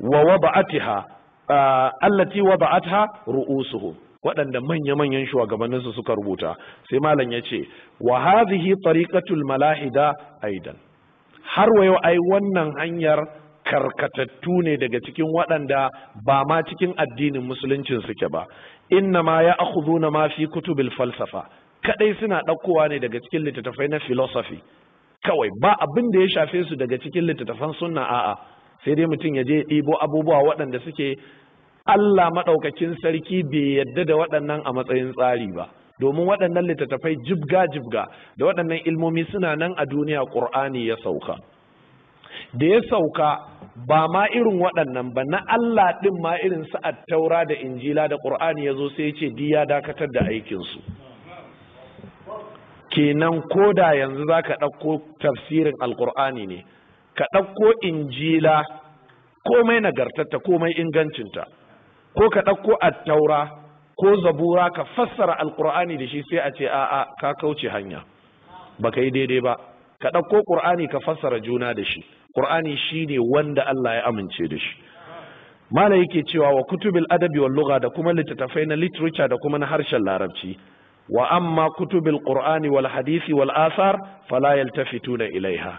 wa wada'atiha allati wada'atha ru'usuhum waɗanda manya-manyan shugabanninsu suka rubuta sai malam ya ce wa hadhihi tariqatul malahida aidan har wayo ai wannan hanyar karkatattu ne daga cikin waɗanda ba ma cikin addinin musuluncin suke ba inna ma ya akhuduna ma fi kutubil falsafa kadai suna ɗaukowa ne daga cikin littattafai na filosofi kawai ba abin da ya shafe su daga cikin littattafan sunna a'a sai dai mutum ya je ɗibo abubuwa waɗanda suke Allah maɗaukakin sarki bai yadda da waɗannan a matsayin tsari ba domin waɗannan littattafai jibga jibga da waɗannan ilmomi suna nan a duniya ƙur'ani ya sauka da ya sauka ba ma irin waɗannan ba na Allah ɗin ma irin su taura da injila da ƙur'ani ya zo sai ya ce di ya dakatar da aikinsu kenan ko da yanzu za ka ɗauko tafsirin alkur'ani ne ka ɗauko injila komai nagartatta komai ingancinta ko ka ɗauko attaura ko zabura ka fassara Alƙur'ani da shi sai a ce a'a ka kauce hanya ba ka yi daidai ba ka ɗauko ƙur'ani ka fassara juna da shi ƙur'ani shi ne wanda Allah ya amince da shi mala yake cewa wa kutubil adabi wal lugha da kuma littattafai na literature da kuma na harshen larabci wa amma kutubil qur'ani wal hadisi wal asar fala yaltafituna ilaiha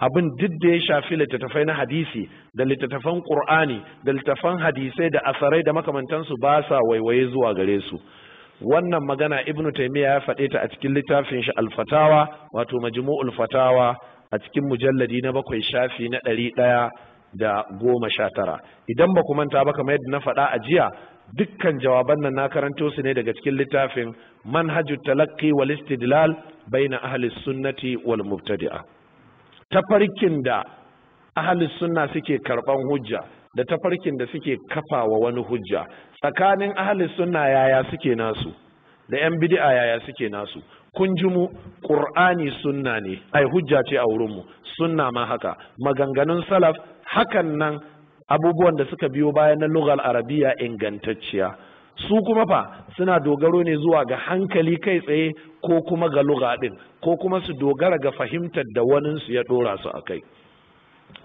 abin duk da ya shafi littattafai na hadisi da littattafan qur'ani da littattafan hadisai da asarai da makamantansu ba sa waiwaye zuwa gare su wannan magana ibnu taymiya ya faɗe ta a cikin littafin shi al-fatawa wato majmu'ul fatawa a cikin mujalladi na bakwai shafi na ɗari ɗaya da goma sha tara idan ba ku manta ba kamar yadda na faɗa a jiya dukkan jawaban nan na karanto su ne daga cikin littafin manhajul talaqqi wal istidlal baina ahli sunnati wal mubtadi'a tafarkin da ahli sunna suke karban hujja da tafarkin da suke kafawa wani hujja tsakanin ahli sunna yaya suke nasu da yan bid'a yaya suke nasu kun ji mu qur'ani sunna ne ai hujja ce a wurin mu sunna ma haka maganganun salaf hakan nan abubuwan da suka biyo bayan na lugal arabiya ingantacciya su kuma fa suna dogaro ne zuwa ga hankali kai tsaye ko kuma ga lugha din ko kuma su dogara ga fahimtar da waninsu ya dora su a kai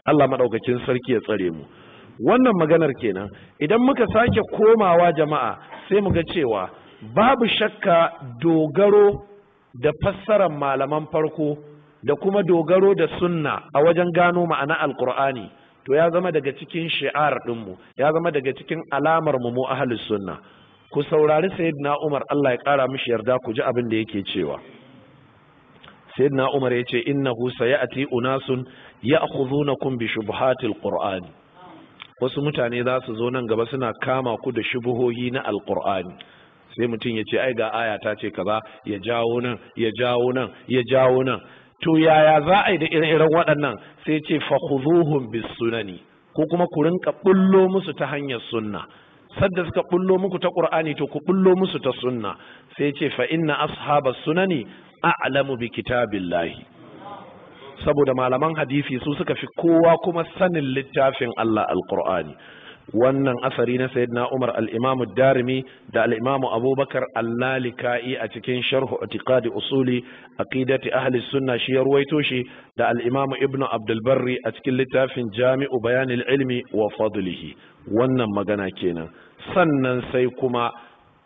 Allah maɗaukakin sarki ya tsare mu wannan maganar kenan idan muka sake komawa jama'a sai mu ga cewa babu shakka dogaro da fassarar malaman farko da kuma dogaro da sunna a wajen gano ma'ana alkur'ani to ya zama daga cikin shi'ar dinmu, ya zama daga cikin alamar mu mu ahlus sunna ku saurari sayyidina Umar Allah ya kara mishi yarda ku ji abin da yake cewa sayyidina Umar yace innahu sayati unasun ya'khudhunakum bi shubuhatil qur'an wasu mutane za su zo nan gaba suna kama ku da shubuhohi na alqur'an sai mutum ya ce ai ga aya ta ce kaza ya jawo nan ya jawo nan ya jawo nan to yaya za a yi da irin irin waɗannan sai ce fahuzuhun bis sunani ko kuma ku rinka bullo musu ta hanyar sunna sadda suka bullo muku ta qur'ani to ku bullo musu ta sunna sai ce fa inna ashabas sunani a'lamu bi kitabillahi saboda malaman hadisi su suka fi kowa kuma sanin littafin Allah alqur'ani wannan asari na sayyidina Umar al-Imam darimi da al-Imam Abubakar al-Lalikai a cikin sharhu i'tiqadi usuli aqidati ahli sunna shi ya ruwaito shi da al-Imam Ibn Abdul Barri a cikin littafin Jami'u Bayan al-Ilmi wa Fadlihi wannan magana kenan sannan sai kuma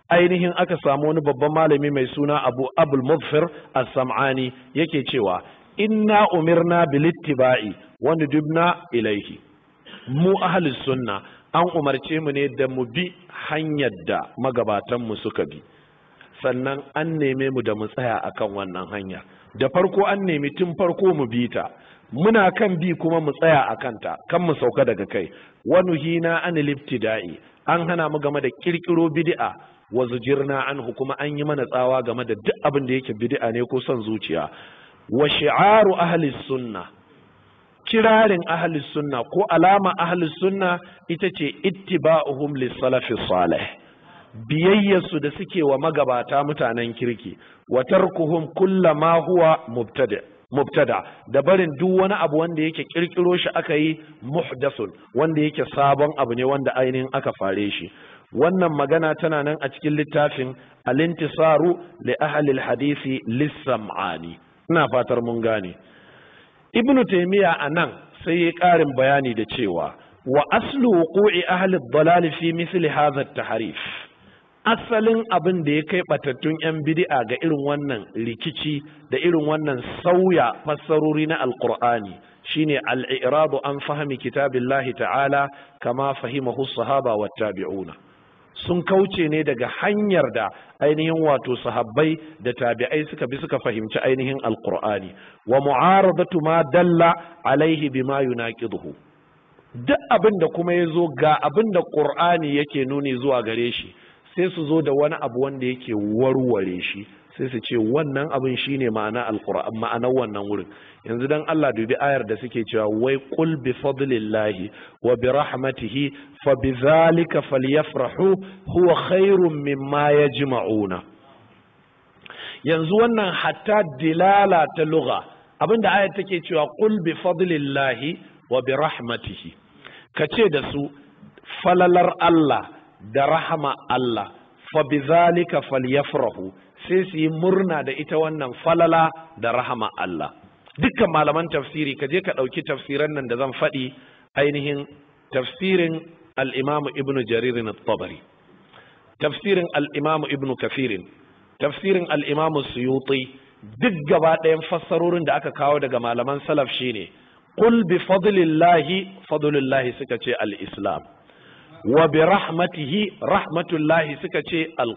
ainihin aka samu wani babban malami mai suna Abu Abul Mudfir as-Sam'ani yake cewa inna umirna bilittiba'i wa nudibna ilayhi mu ahli sunna an umarce mu ne da mu bi hanyar da magabatanmu suka bi sannan an neme mu da mu tsaya akan wannan hanya da farko an nemi tun farko mu bi ta muna kan bi kuma mu tsaya a kanta kan mu sauka daga kai wani hina an liftida'i an hana mu game da kirkiro bidi'a. wa zujirna an hukuma an yi mana tsawa game da duk abin da yake bidi'a ne ko son zuciya wa shi'aru ahli sunna kirarin ahli sunna ko alama ahli sunna ita ce ittiba'uhum li salafi salih biyayyarsu da suke wa magabata mutanen kirki wa tarkuhum kulla ma huwa mubtada mubtada da barin duk wani abu wanda yake kirkiro shi aka yi muhdathun wanda yake sabon abu ne wanda ainihin aka fare shi wannan magana tana nan a cikin littafin alintisaru li ahli alhadisi hadisi ina fatar mun gane ibnu a nan, sai ya ƙarin bayani da cewa wa aslu wuqu'i ahli dhalal fi misli hadha at asalin abin da ya kai batattun yan bid'a ga irin wannan rikici da irin wannan sauya fassarori na alkur'ani shine al-i'radu an fahmi kitabillahi ta'ala kama fahimahu sahaba wa tabiuna sun kauce ne daga hanyar da ainihin wato sahabbai da tabi'ai suka bi suka fahimci ainihin alqur'ani wa mu'aradatu ma dalla alaihi bima yunaqiduhu duk abin da kuma yazo ga abin da qur'ani yake nuni zuwa gare shi sai su zo da wani abu wanda yake warware shi sai su ce wannan abin shine ma'ana alqur'an ma'anar wannan wurin yanzu dan Allah dubi ayar da suke cewa wai qul bi fadlillahi wa bi rahmatihi fa bi zalika falyafrahu huwa khairum mimma yajma'una yanzu wannan hatta dilala ta lugha abinda ayar take cewa qul bi fadlillahi wa bi rahmatihi kace da su falalar Allah da rahama Allah fa bi zalika falyafrahu sai su yi murna da ita wannan falala da rahama Allah dukkan malaman tafsiri ka je ka ɗauki tafsiran nan da zan faɗi ainihin tafsirin al'imamu ibnu jaririn tabari tafsirin al'imamu ibnu kafirin tafsirin al'imamu suyuti duk gaba ɗayan fassarorin da aka kawo daga malaman salaf shine qul bi fadlillahi fadlillahi suka ce al-islam wa bi rahmatihi rahmatullahi suka ce al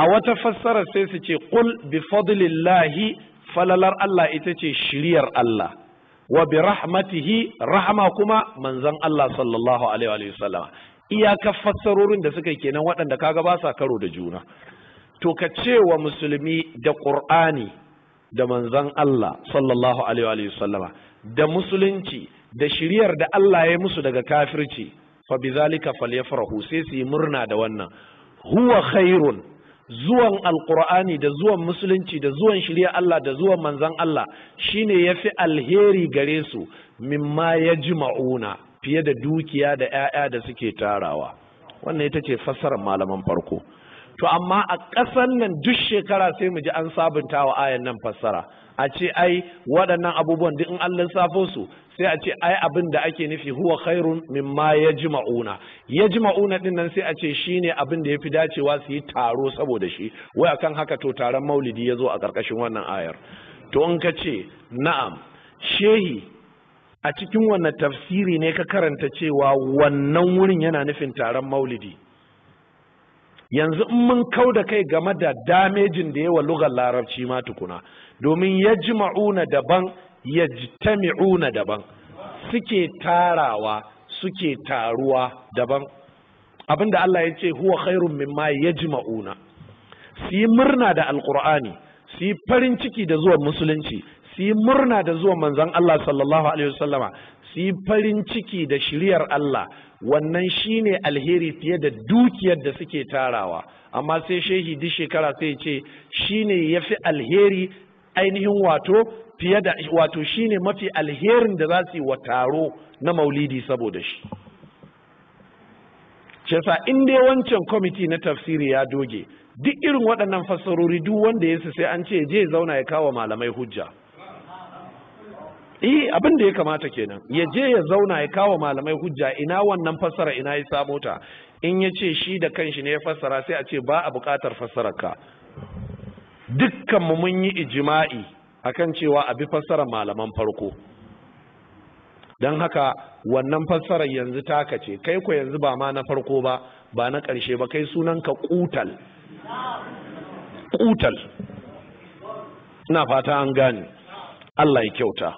a wata fassara sai su ce qul bi fadlillahi falalar Allah ita ce shiriyar Allah wa bi rahmatihi rahama kuma manzon Allah sallallahu alaihi wa sallam iyakar fassarorin da suka kenan waɗanda kaga ba sa karo da juna to ka ce wa musulmi da qur'ani da manzon Allah sallallahu alaihi wa sallama da musulunci da shiriyar da Allah ya musu daga kafirci fa bizalika falyafrahu sai su yi murna da wannan huwa khairun zuwan alkur'ani da zuwan musulunci da zuwan shirya Allah da zuwan manzan Allah shine ya fi alheri gare su mimma ya ji ma'una fiye da dukiya da 'ya'ya da suke tarawa wannan ita ce fassarar malaman farko to amma a ƙasan nan duk shekara sai mu ji an sabunta wa ayan nan fassara a ce ai waɗannan abubuwan duk in an safo su sai a ce ai abin da ake nufi huwa khairun mimma yajma'una yajma'una din nan sai a ce shine abin da yafi dacewa su yi taro saboda shi wai akan haka to taron maulidi yazo a karkashin wannan ayar to in ka ce na'am shehi a cikin wannan tafsiri ne ka karanta cewa wannan wurin yana nufin taron maulidi yanzu in mun kau da kai game da damejin da yawa lugar larabci ma tukuna domin ya jima'una daban ya jitami'una daban suke tarawa suke taruwa daban abinda Allah ya ce huwa khairun mimma jima'una su yi murna da alkur'ani su yi farin ciki da zuwan musulunci su yi murna da zuwan manzon Allah sallallahu alaihi wasallama su yi farin ciki da shiriyar Allah wannan shi ne alheri fiye da dukiyar da suke tarawa amma sai shehi duk shekara sai ce shi ne ya fi alheri ainihin wato fiye da wato shine mafi alherin da za su yi wa taro na maulidi saboda shi shi in dai wancan kwamiti na tafsiri ya doge duk irin waɗannan fassarori duk wanda ya sai an ce je zauna ya kawo malamai hujja eh abin da ya kamata kenan ya je ya zauna ya kawo malamai hujja ina wannan fassara ina ya samota in ya ce shi da kanshi ne ya fassara sai a ce ba a buƙatar ka. dukkanmu mun yi ijima'i akan cewa a bi fassarar malaman farko don haka wannan fassarar yanzu taka ce kai ku yanzu ba ma na farko ba ba na ƙarshe ba kai sunanka kutal kutal ina fata an gane Allah ya kyauta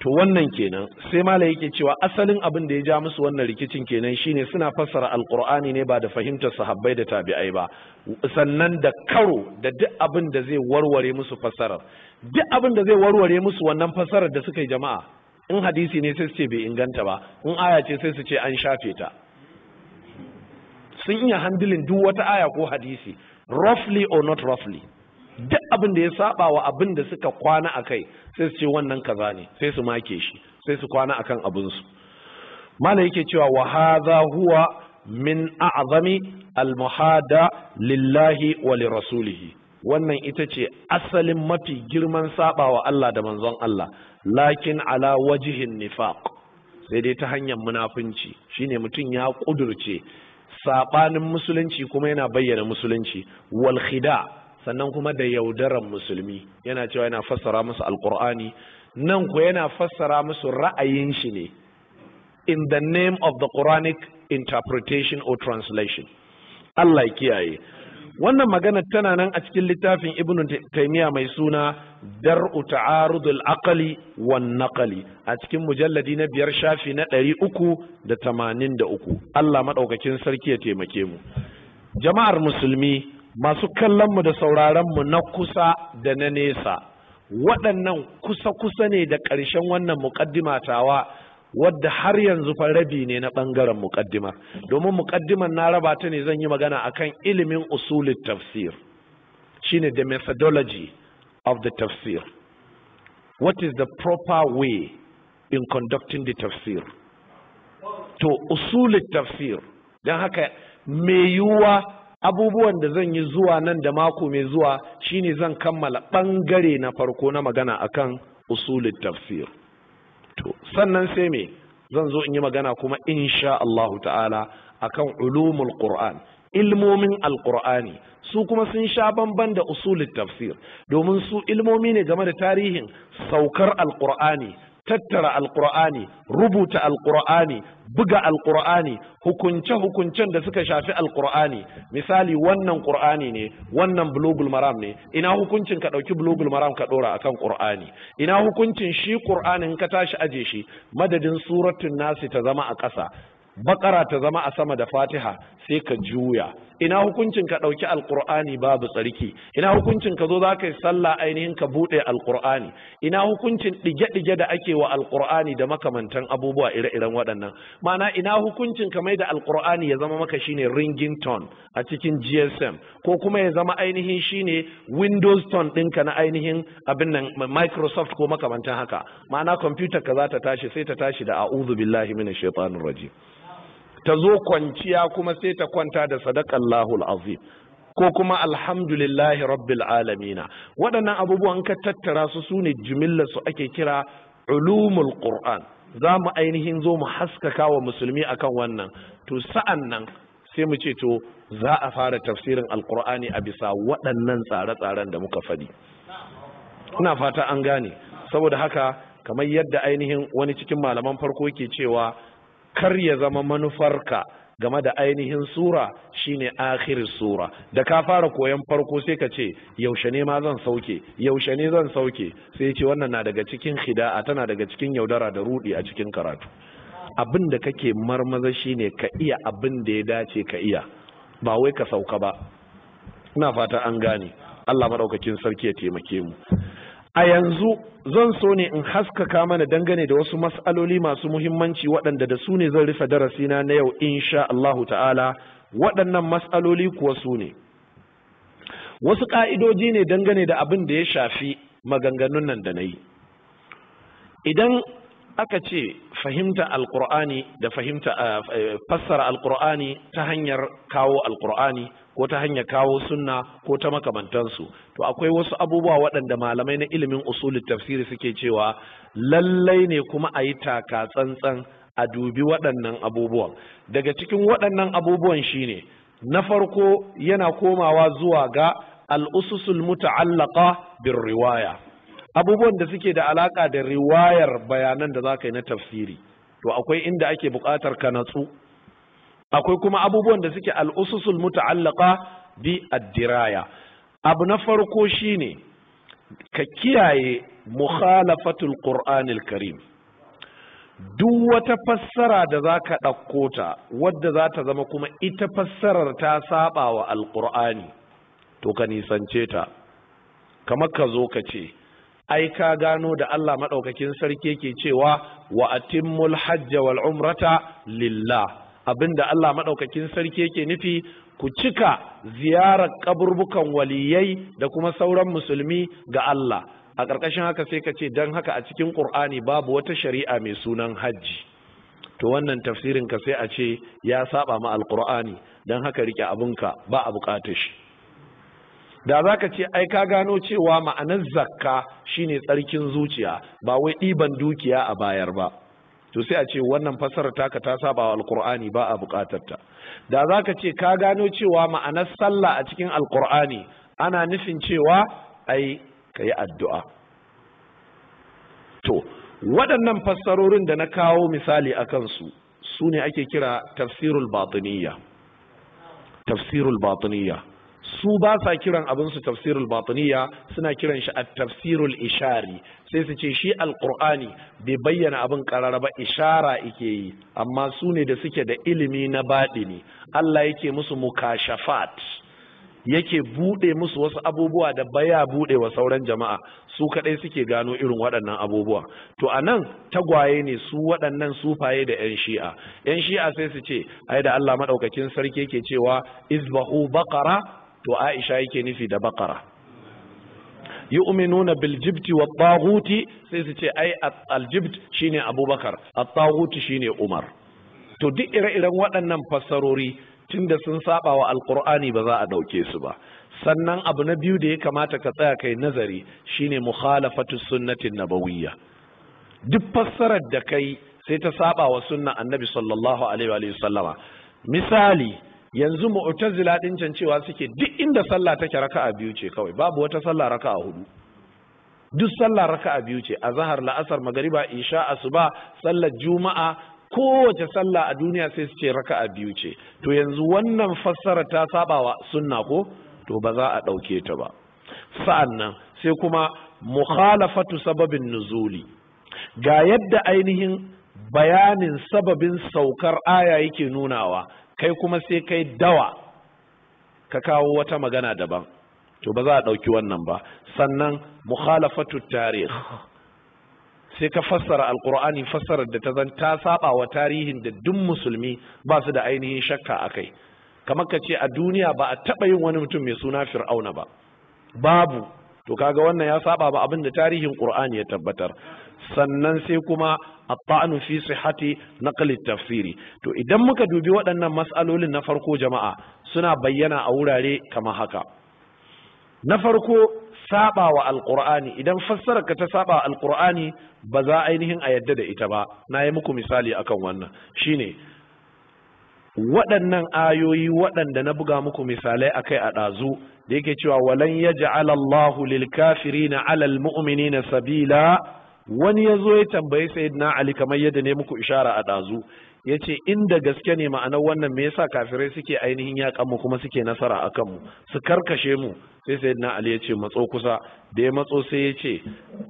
to wannan kenan sai malai yake cewa asalin abin da ya ja musu wannan rikicin kenan shine suna fassara alqur'ani ne ba da fahimtar sahabbai da tabi'ai ba sannan da karo da duk abin da zai warware musu fassarar duk abin da zai warware musu wannan fassarar da suka yi jama'a in hadisi ne sai su ce bai inganta ba in aya ce sai su ce an shafe ta sun iya handilin duk wata aya ko hadisi roughly or not roughly duk abin da ya saba wa abin da suka kwana a kai sai su ce wannan kaza ne sai su make shi sai su kwana akan abin su mana yake cewa wa hadha huwa min a'zami al lillahi wa li rasulihi wannan ita ce asalin mafi girman saba wa Allah da manzon Allah lakin ala wajihin nifaq sai dai ta hanyar munafunci shine mutum ya kudurce saɓanin musulunci kuma yana bayyana musulunci wal sannan kuma da yaudaran musulmi yana cewa yana fassara musu alkur'ani nan ku yana fassara musu ra'ayin shi ne in the name of the quranic interpretation or translation Allah ya kiyaye wannan magana tana nan a cikin littafin ibnu taymiya mai suna dar'u ta'arudul aqli wan naqli a cikin mujalladi na biyar shafi na ɗari uku da tamanin da uku Allah maɗaukakin sarki ya taimake mu jama'ar musulmi masu kallonmu da sauraronmu na kusa da na nesa waɗannan kusa-kusa ne da ƙarshen wannan muƙaddima tawa wadda har yanzu fa rabi ne na ɓangaren muƙaddima domin muƙaddimar na raba ta ne zan yi magana akan ilimin usulin tafsir shine the methodology of the tafsir what is the proper way in conducting the tafsir to usulin tafsir don haka mai yiwuwa abubuwan da zan yi zuwa nan da mako mai zuwa shine zan kammala ɓangare na farko na magana akan usulul tafsir to sannan sai me zan zo in yi magana kuma insha Allah ta'ala akan ulumul qur'an ilmomin alqur'ani su kuma sun sha bamban da usulul tafsir domin su ilmomi ne game da tarihin saukar alqur'ani tattara alqur'ani rubuta alqur'ani buga alqur'ani hukunce hukuncen da suka shafi alqur'ani misali wannan qur'ani ne wannan bulogul maram ne ina hukuncin ka ɗauki bulogul maram ka dora akan qur'ani ina hukuncin shi qur'anin ka tashi aje shi madadin suratul nasi ta zama a ƙasa Baƙara ta zama a sama da fatiha sai ka juya ina hukuncin ka ɗauki alkur'ani babu tsarki ina hukuncin ka zo za yi sallah ainihin ka buɗe alkur'ani ina hukuncin ɗige-ɗige da ake wa alkur'ani da makamantan abubuwa ire-iren waɗannan mana ina hukuncin ka mai da alkur'ani ya zama maka shine ringing tone a cikin gsm ko kuma ya zama ainihin shine windows tone ɗinka na ainihin abin nan microsoft ko makamantan haka ma'ana kwamfutar ka za ta tashi sai ta tashi da a'udhu billahi minash shaitanir rajim ta zo kwanciya kuma sai ta kwanta da sadaqallahu azim ko kuma alhamdulillahi rabbil alamina waɗannan abubuwan ka tattara su sune jimillar su ake kira ulumul qur'an za mu ainihin zo mu haskaka wa musulmi akan wannan to sa'an nan sai mu ce to za a fara tafsirin alkur'ani a bisa waɗannan tsare-tsaren da muka faɗi ina fata an gane saboda haka kamar yadda ainihin wani cikin malaman farko ke cewa kar ya zama manufarka game da ainihin sura shine akhir sura da ka fara koyan farko sai ka ce yaushe ne ma zan sauke yaushe ne zan sauke sai ce wannan na daga cikin khida'a tana daga cikin yaudara da rudi a cikin karatu abin da kake marmaza shine ka iya abin da ya dace ka iya ba wai ka sauka ba ina fata an gane Allah madaukakin sarki ya taimake mu a yanzu zan so ne in haskaka mana dangane da wasu mas'aloli masu muhimmanci waɗanda da su ne zan rufe darasina na yau insha Allahu ta'ala waɗannan mas'aloli kuwa su ne wasu ƙa'idoji ne dangane da abin da ya shafi maganganun nan da na yi idan aka ce fahimta alƙur'ani da fahimta eh, eh, fassara alƙur'ani ta hanyar kawo alƙur'ani ko ta hanyar kawo sunna ko ta makamantansu to akwai wasu abubuwa waɗanda malamai na ilimin usulul tafsiri suke cewa lallai ne kuma a yi taka tsantsan a dubi waɗannan abubuwan daga cikin waɗannan abubuwan shine na farko yana komawa zuwa ga al'ususul muta'allaka bin riwaya abubuwan da suke da alaƙa da riwayar bayanan da za ka yi na tafsiri to akwai inda ake buƙatar ka natsu akwai kuma abubuwan da suke al'ususul muta'allaqa bi addiraya abu na farko shine ka kiyaye mukhalafatul qur'anil karim duk wata fassara da za ka ɗauko ta wadda za ta zama kuma ita fassarar ta saba wa alƙur'ani to ka nisance ta kamar ka zo ka ce ai ka gano da Allah madaukakin sarki ke cewa wa atimmul hajja wal umrata lillah Abin da Allah maɗaukakin sarki yake nufi ku cika ziyarar kaburbukan waliyai da kuma sauran musulmi ga Allah a ƙarƙashin haka sai ka ce don haka a cikin ƙur'ani babu wata shari'a mai sunan hajji to wannan tafsirin ka sai a ce ya saba ma alƙur'ani don haka rike abinka ba a buƙatar shi da za ka ce ai ka gano cewa ma'anar zakka shine tsarkin zuciya ba wai ɗiban dukiya a bayar ba to sai a ce wannan fassarar taka ta saba wa alqur'ani ba a buƙatar ta da zaka ce ka gano cewa ma'anar sallah a cikin alqur'ani ana nufin cewa ai kai addu'a to waɗannan fassarorin da na kawo misali a kansu su ne ake kira tafsirul batiniya tafsirul batiniya su ba sa kiran abin su tafsirul batiniya suna kiran shi a tafsirul ishari sai su ce shi Alkur'ani bai bayyana abin karara ba ishara ike yi amma su ne da suke da ilimi na baɗini Allah yake musu mukashafat yake buɗe musu wasu abubuwa da baya bude wa sauran jama'a su kaɗai suke gano irin waɗannan abubuwa to a nan tagwaye ne su waɗannan sufaye da yan shi'a yan shi'a sai su ce ai da Allah madaukakin sarki yake cewa izbahu baqara to aisha yake nufi da bakara yu'minuna bil jibti wa taghuti sai su ce ai aljibt jibt shine abubakar at shine umar to duk ire-iren waɗannan fassarori tunda sun saba wa alqur'ani ba za a ɗauke su ba sannan abu na biyu da ya kamata ka tsaya kai nazari shine mukhalafatu sunnatin nabawiyya duk fassarar da kai sai ta saba wa sunnan annabi sallallahu alaihi wa sallama misali yanzu mu'tazila din can cewa suke duk inda sallah take raka'a biyu ce kawai babu wata sallah raka'a hudu duk sallah raka'a biyu ce zahar la'asar magariba isha ba sallar juma'a kowace sallah a duniya sai suke ce raka'a biyu ce to yanzu wannan fassara ta saba wa sunna ko to ba za a dauke ta ba Sa'an nan sai kuma mukhalafatu sababin nuzuli ga yadda ainihin bayanin sababin saukar aya yake nunawa kai kuma sai kai dawa ka kawo wata magana daban to ba za a ɗauki wannan ba sannan mukhalafatu tarih sai ka fassara alkur'ani fassarar da ta zan ta saba wa tarihin da duk musulmi ba su da ainihin shakka a kai kamar ka ce a duniya ba a taɓa yin wani mutum mai suna fir'auna ba babu to kaga wannan ya saba ba abin da tarihin qur'ani ya tabbatar sannan sai kuma at-ta'nu Hati sihhati naqli tafsiri to idan muka dubi waɗannan mas'alolin na farko jama'a suna bayyana a wurare kamar haka na farko saɓawa wa alqur'ani idan fassararka ta saba alqur'ani ba za a ainihin a yadda da ita ba na yi muku misali akan wannan shine waɗannan ayoyi waɗanda na buga muku misalai akai a ɗazu da yake cewa walan yaj'ala Allahu lil kafirina 'ala al mu'minina sabila wani ya zo ya tambayi sayyidina ali kamar yadda ne muku ishara a ɗazu ya ce inda gaske ne ma'anar wannan me yasa kafirai suke ainihin yaƙan mu kuma suke nasara a kanmu su karkashe mu sai sayyidina ali ya ce matso kusa da ya matso sai ya ce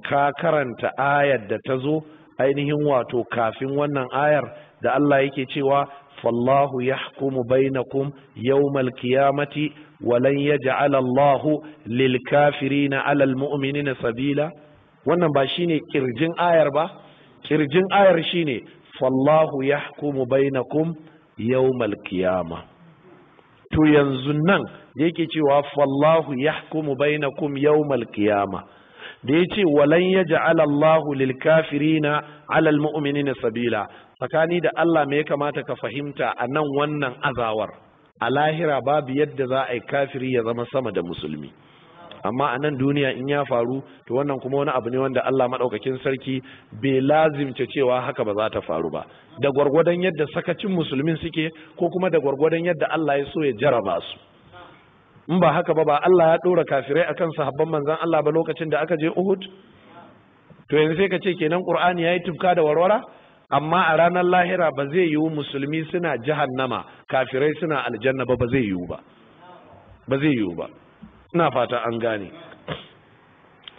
ka karanta ayar da ta zo ainihin wato kafin wannan ayar da Allah yake cewa fallahu yahkumu bainakum yawmal qiyamati walan yaj'al Allahu lil kafirina alal mu'minina sabila wannan ba shine kirjin ayar ba kirjin ayar shine fallahu yahkumu bainakum yawmal qiyamah to yanzu nan yake cewa fallahu yahkumu bainakum yawmal qiyamah da yace walan yaj'al Allahu lil kafirina 'ala al mu'minina sabila tsakani da Allah me ya kamata ka fahimta a nan wannan azawar a lahira babu yadda za a yi kafiri ya zama sama da musulmi amma a nan duniya in ya faru to wannan kuma wani abu ne wanda Allah maɗaukakin sarki bai lazimce cewa haka ba za ta faru ba da gwargwadon yadda sakacin musulmin suke ko kuma da gwargwadon yadda Allah ya so ya jaraba su in ba haka ba ba Allah ya ɗora kafirai akan sahabban manzan Allah ba lokacin da aka je Uhud to yanzu sai ka ce kenan Qur'ani yayi tufka da warwara amma a ranar lahira ba zai yiwu musulmi suna jahannama kafirai suna aljanna ba ba zai yiwu ba ba zai yiwu ba ina fata an gane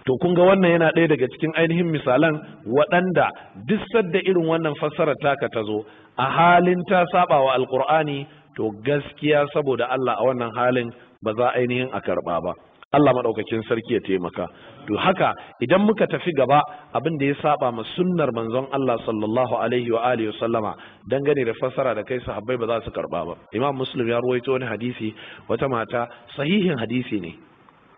to kun ga wannan yana ɗaya daga cikin ainihin misalan waɗanda duk sadda irin wannan fassarar taka ta zo a halin ta saba wa alkur'ani to gaskiya saboda Allah a wannan halin ba za ainihin a karɓa ba Allah madaukakin sarki ya taimaka to haka idan muka tafi gaba abin da ya saba ma sunnar manzon Allah sallallahu alaihi wa alihi sallama dangane da fassara da kai sahabbai ba za su karba ba Imam Muslim ya ruwaito wani hadisi wata mata sahihin hadisi ne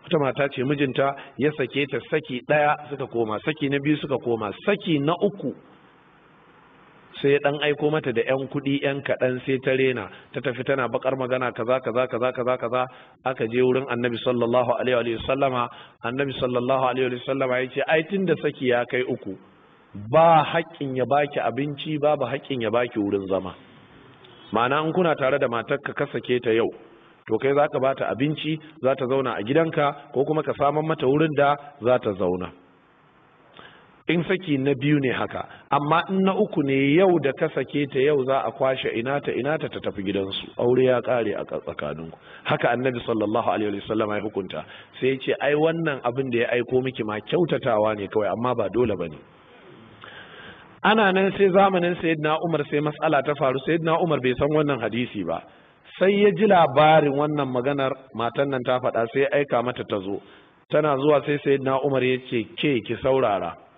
wata mata ce mijinta ya sake ta saki ɗaya suka koma saki na biyu suka koma saki na uku sai dan aiko mata da yan kuɗi yan kaɗan sai ta rena ta tafi tana bakar magana kaza kaza kaza kaza kaza aka je wurin annabi sallallahu alaihi wa sallama annabi sallallahu alaihi wa sallama ya ce ai tun da saki ya kai uku ba haƙƙin ya baki abinci ba haƙƙin ya baki wurin zama ma'ana in kuna tare da matarka ka sake ta yau to kai zaka bata abinci za ta zauna a gidanka ko kuma ka saman mata wurin da za ta zauna in saki na biyu ne haka amma in na uku ne yau da ka sake ta yau za a kwashe ina ta ina ta tafi gidansu aure ya kare a tsakaninku haka annabi sallallahu alaihi wasallam ya hukunta sai ya ce ai wannan abin da ya aiko miki ma kyautatawa ne kawai amma ba dole bane ana nan sai zamanin sayyidina Umar sai matsala ta faru sayyidina Umar bai san wannan hadisi ba sai ya ji labarin wannan maganar matan nan ta faɗa sai aika mata ta zo tana zuwa sai sayyidina Umar ya ce ke ki saurara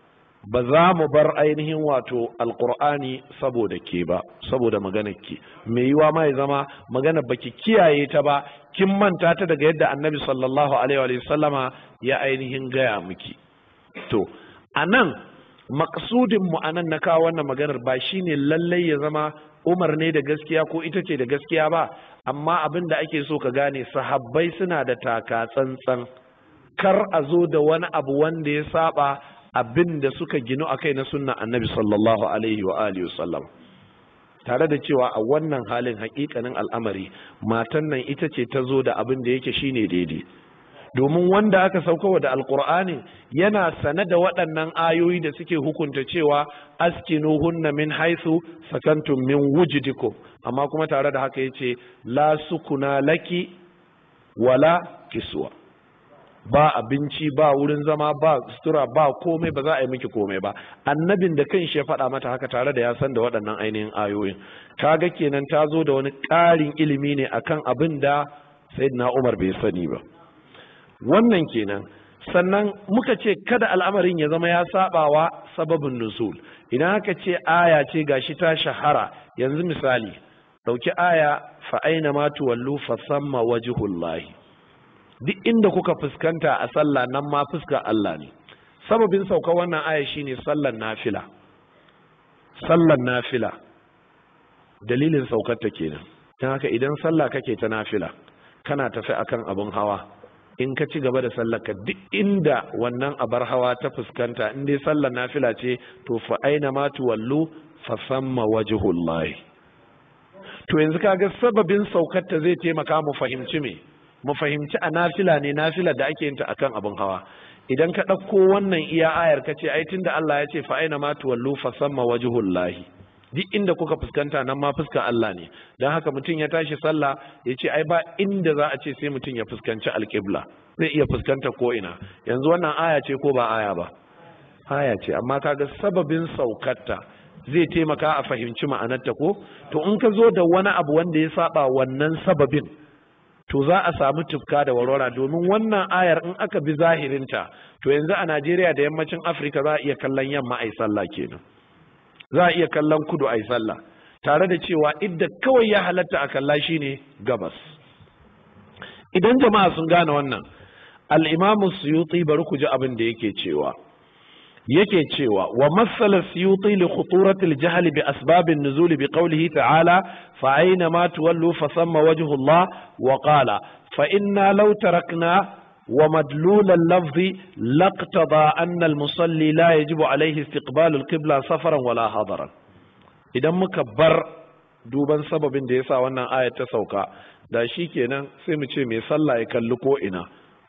ba za mu bar ainihin wato alkur'ani saboda ke ba saboda maganar ke mai yiwa ma ya zama magana baki kiyaye ta ba kin manta ta daga yadda annabi sallallahu alaihi sallama ya ainihin gaya miki to anan maqsudin mu anan na kawo wannan maganar ba shine lallai ya zama Umar ne da gaskiya ko ita ce da gaskiya ba amma abin da ake so ka gane sahabbai suna da taka tsantsan kar a zo da wani abu wanda ya saba abin da suka ginu a kai na sunna annabi sallallahu alaihi wa alihi wasallam tare da cewa a wannan halin hakikanin al'amari matan nan ita ce ta zo da abin da yake shine daidai domin wanda aka saukowa da alkur'ani yana sane da waɗannan ayoyi da suke hukunta cewa askinu hunna min haisu sakantum min wujidikum amma kuma tare da haka yace la sukuna laki wala kiswa ba abinci ba wurin zama ba sutura ba komai ba za a yi miki komai ba annabin da kan shi ya faɗa mata haka tare da ya san da waɗannan ainihin ayoyin ta ga kenan ta zo da wani ƙarin ilimi ne a kan abin da sayyidina Umar bai sani ba wannan kenan sannan muka ce kada al'amarin ya zama ya sabawa sababin nuzul idan haka ce aya ce gashi ta shahara yanzu misali dauki aya fa aina ma tuwallu fa samma wajhullahi duk inda kuka fuskanta a sallah nan ma fuskar Allah ne sababin sauka wannan aya shine sallar nafila sallar nafila dalilin saukar kenan ta haka idan sallah kake ta nafila kana tafi akan abin hawa in ka ci gaba da sallaka duk inda wannan abar hawa ta fuskanta in dai sallar nafila ce to fa aina ma tuwallu fa samma wajhullahi to yanzu kaga sababin saukar ta zai taimaka mu fahimci me mu fahimci a nafila ne nafila da ake yin ta akan abin hawa idan ka ɗauko wannan iya ayar ka ce ai tunda Allah ya ce fa aina ma tuwallu fa samma wajhullahi duk inda kuka fuskanta nan ma fuska Allah ne dan haka mutum ya tashi sallah ya ce ai ba inda za a ce sai mutum ya fuskanci alqibla zai iya fuskanta ko ina yanzu wannan aya ce ko ba aya ba aya ce amma kaga sababin saukarta zai taimaka a fahimci ma'anarta ko to in ka zo da wani abu wanda ya saba wannan sababin to za a samu tufka da warwara domin wannan ayar in aka bi zahirinta to yanzu a Najeriya da yammacin Afirka za a iya kallon yamma ai sallah kenan za a iya kallon kudu ai sallah tare da cewa idda kawai ya halatta a kalla shine gabas idan jama'a sun gane wannan al-Imam Suyuti bari ku ji abin da yake cewa yake cewa wa masala siyuti li khuturatil jahli bi asbabin nuzuli bi qawlihi ta'ala fa aina ma tuwallu fa samma wajhu Allah wa qala fa inna law tarakna wa madlul al-lafzi laqtada anna al-musalli la yajibu alayhi istiqbal al-qibla safaran wala hadaran idan muka bar duban sababin da yasa wannan ayar ta sauka da shikenan sai mu ce mai sallah ya kalli ko ina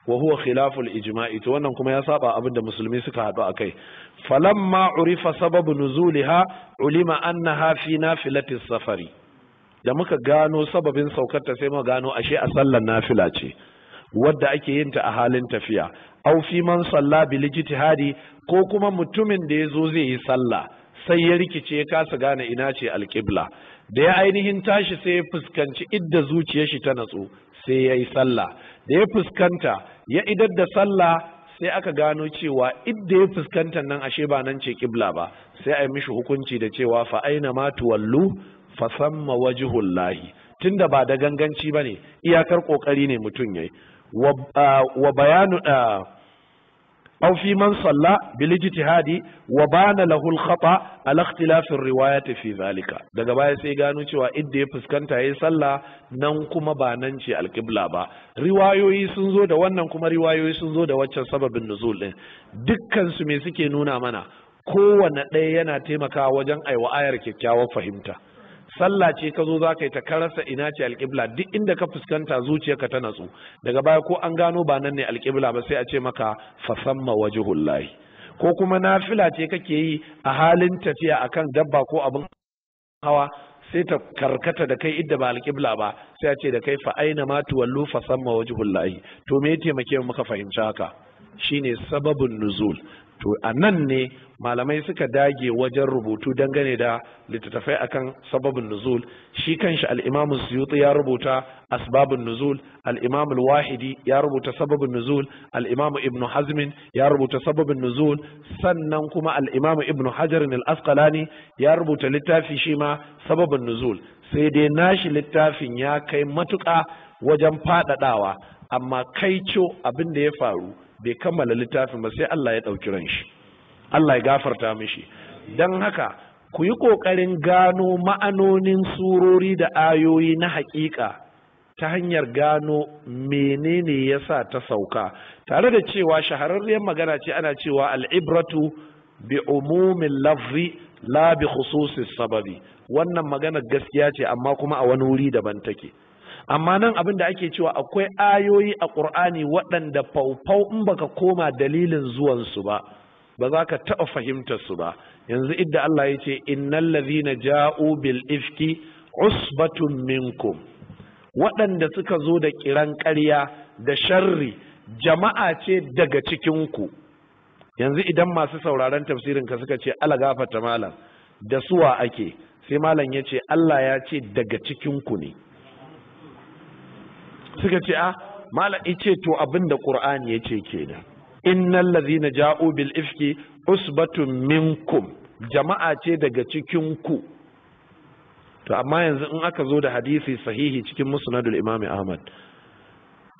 wa huwa khilaful ijma'i to wannan kuma ya saba abinda musulmi suka hadu akai falamma urifa sababu nuzuliha ulima annaha fi nafilatis safari da muka gano sababin saukarta sai muka gano ashe a sallar nafila ce wadda ake yin ta a halin tafiya aw fi man salla bil ijtihadi ko kuma mutumin da yazo zai yi sallah sai ya rikice ya kasa gane ina ce alqibla da ya ainihin tashi sai ya fuskanci idda zuciyar shi ta natsu sai ya yi sallah da ya fuskanta ya idar da sallah sai aka gano cewa idda ya fuskanta nan ashe ba nan ce kibla ba sai a yi mishi hukunci da cewa fa aina ma tuwallu fa samma lahi. tunda ba da ganganci bane iyakar kokari ne mutum yayi ah, wa bayanu ah, aw man sallah, bil ijtihadi wa bana lahu al khata ala ikhtilaf zalika daga baya sai gano cewa idda ya fuskanta yayi sallah nan kuma ba nan ce Alkibla ba riwayoyi sun zo da wannan kuma riwayoyi sun zo da waccan sababin nuzul din dukkan su me suke nuna mana kowanne ɗaya yana taimakawa wajen aiwa ayar kyakkyawar fahimta sallah ce ka zo za ka yi ta karasa ina ce alƙibla duk inda ka fuskanta zuciyarka ta natsu daga baya ko an gano ba nan ne alƙibla ba sai a ce maka fasamma wajhullahi ko kuma nafila ce kake yi a halin tafiya akan dabba ko abin hawa sai ta karkata da kai idda ba alƙibla ba sai a ce da kai fa aina ma tuwallu fasamma wajhullahi to me ya taimake maka fahimci haka shine sababin nuzul to a nan ne malamai suka dage wajen rubutu dangane da littattafai akan sababin nuzul shi kanshi al-imam suyuti ya rubuta asbabin nuzul al wahidi ya rubuta sababin nuzul al-imam ibn Hazmin ya rubuta sababin nuzul sannan kuma al ibn hajar al ya rubuta littafi shi ma sababin nuzul sai dai nashi littafin ya kai matuƙa wajen faɗaɗawa amma kaico abin da ya faru bai kammala littafin ba sai Allah ya ɗauki ran Allah ya gafarta mishi don haka ku yi ƙoƙarin gano ma'anonin surori da ayoyi na haƙiƙa ta hanyar gano menene ya sa ta sauka tare da cewa shahararriyar magana ce ana cewa al'ibratu bi umumin lafzi la bi khususis sababi wannan magana gaskiya ce amma kuma a wani wuri daban take amma nan abin da ake cewa akwai ayoyi a ƙur'ani waɗanda faufau in baka koma dalilin zuwansu ba ba za ka taɓa fahimtar su ba yanzu idda Allah ya ce innal ladhina ja'u bil ifki usbatun minkum waɗanda suka zo da ƙiran ƙarya da sharri jama'a ce daga cikin ku yanzu idan masu sauraron tafsirin ka suka ce ala gafata malam da suwa ake sai malam ya ce Allah ya ce daga cikin ku ne suka ce a ah, mala ice to abin da qur'ani yace kenan innal ladhina ja'u bil ifki usbatun minkum jama'a ce daga cikin ku to amma yanzu in aka zo da hadisi sahihi cikin musnadul imam ahmad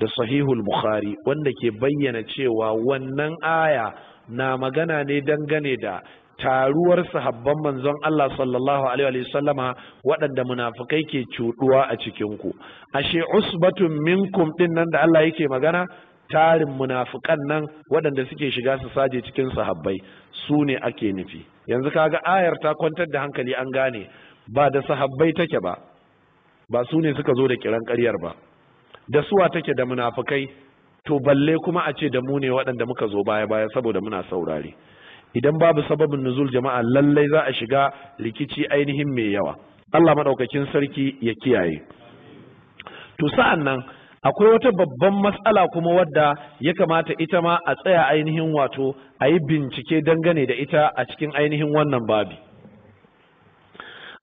da sahihul bukhari wanda ke bayyana cewa wannan aya na magana ne dangane da taruwar sahabban manzon Allah sallallahu alaihi wa sallama waɗanda munafikai ke cuɗuwa a cikin ku ashe usbatun minkum din nan da Allah yake magana tarin munafikan nan waɗanda suke shiga su saje cikin sahabbai su ne ake nufi yanzu kaga ayar ta kwantar da hankali an gane ba da sahabbai take ba ba su ne suka zo da kiran ƙaryar ba da suwa take da munafikai to balle kuma a ce da mu ne waɗanda muka zo baya baya saboda muna saurare idan babu sababin nuzul jama'a lallai za a shiga rikici ainihin mai yawa Allah madaukakin sarki ya kiyaye to sa'an nan akwai wata babban matsala kuma wadda ya kamata ita ma a tsaya ainihin wato a yi bincike dangane da ita a cikin ainihin wannan babi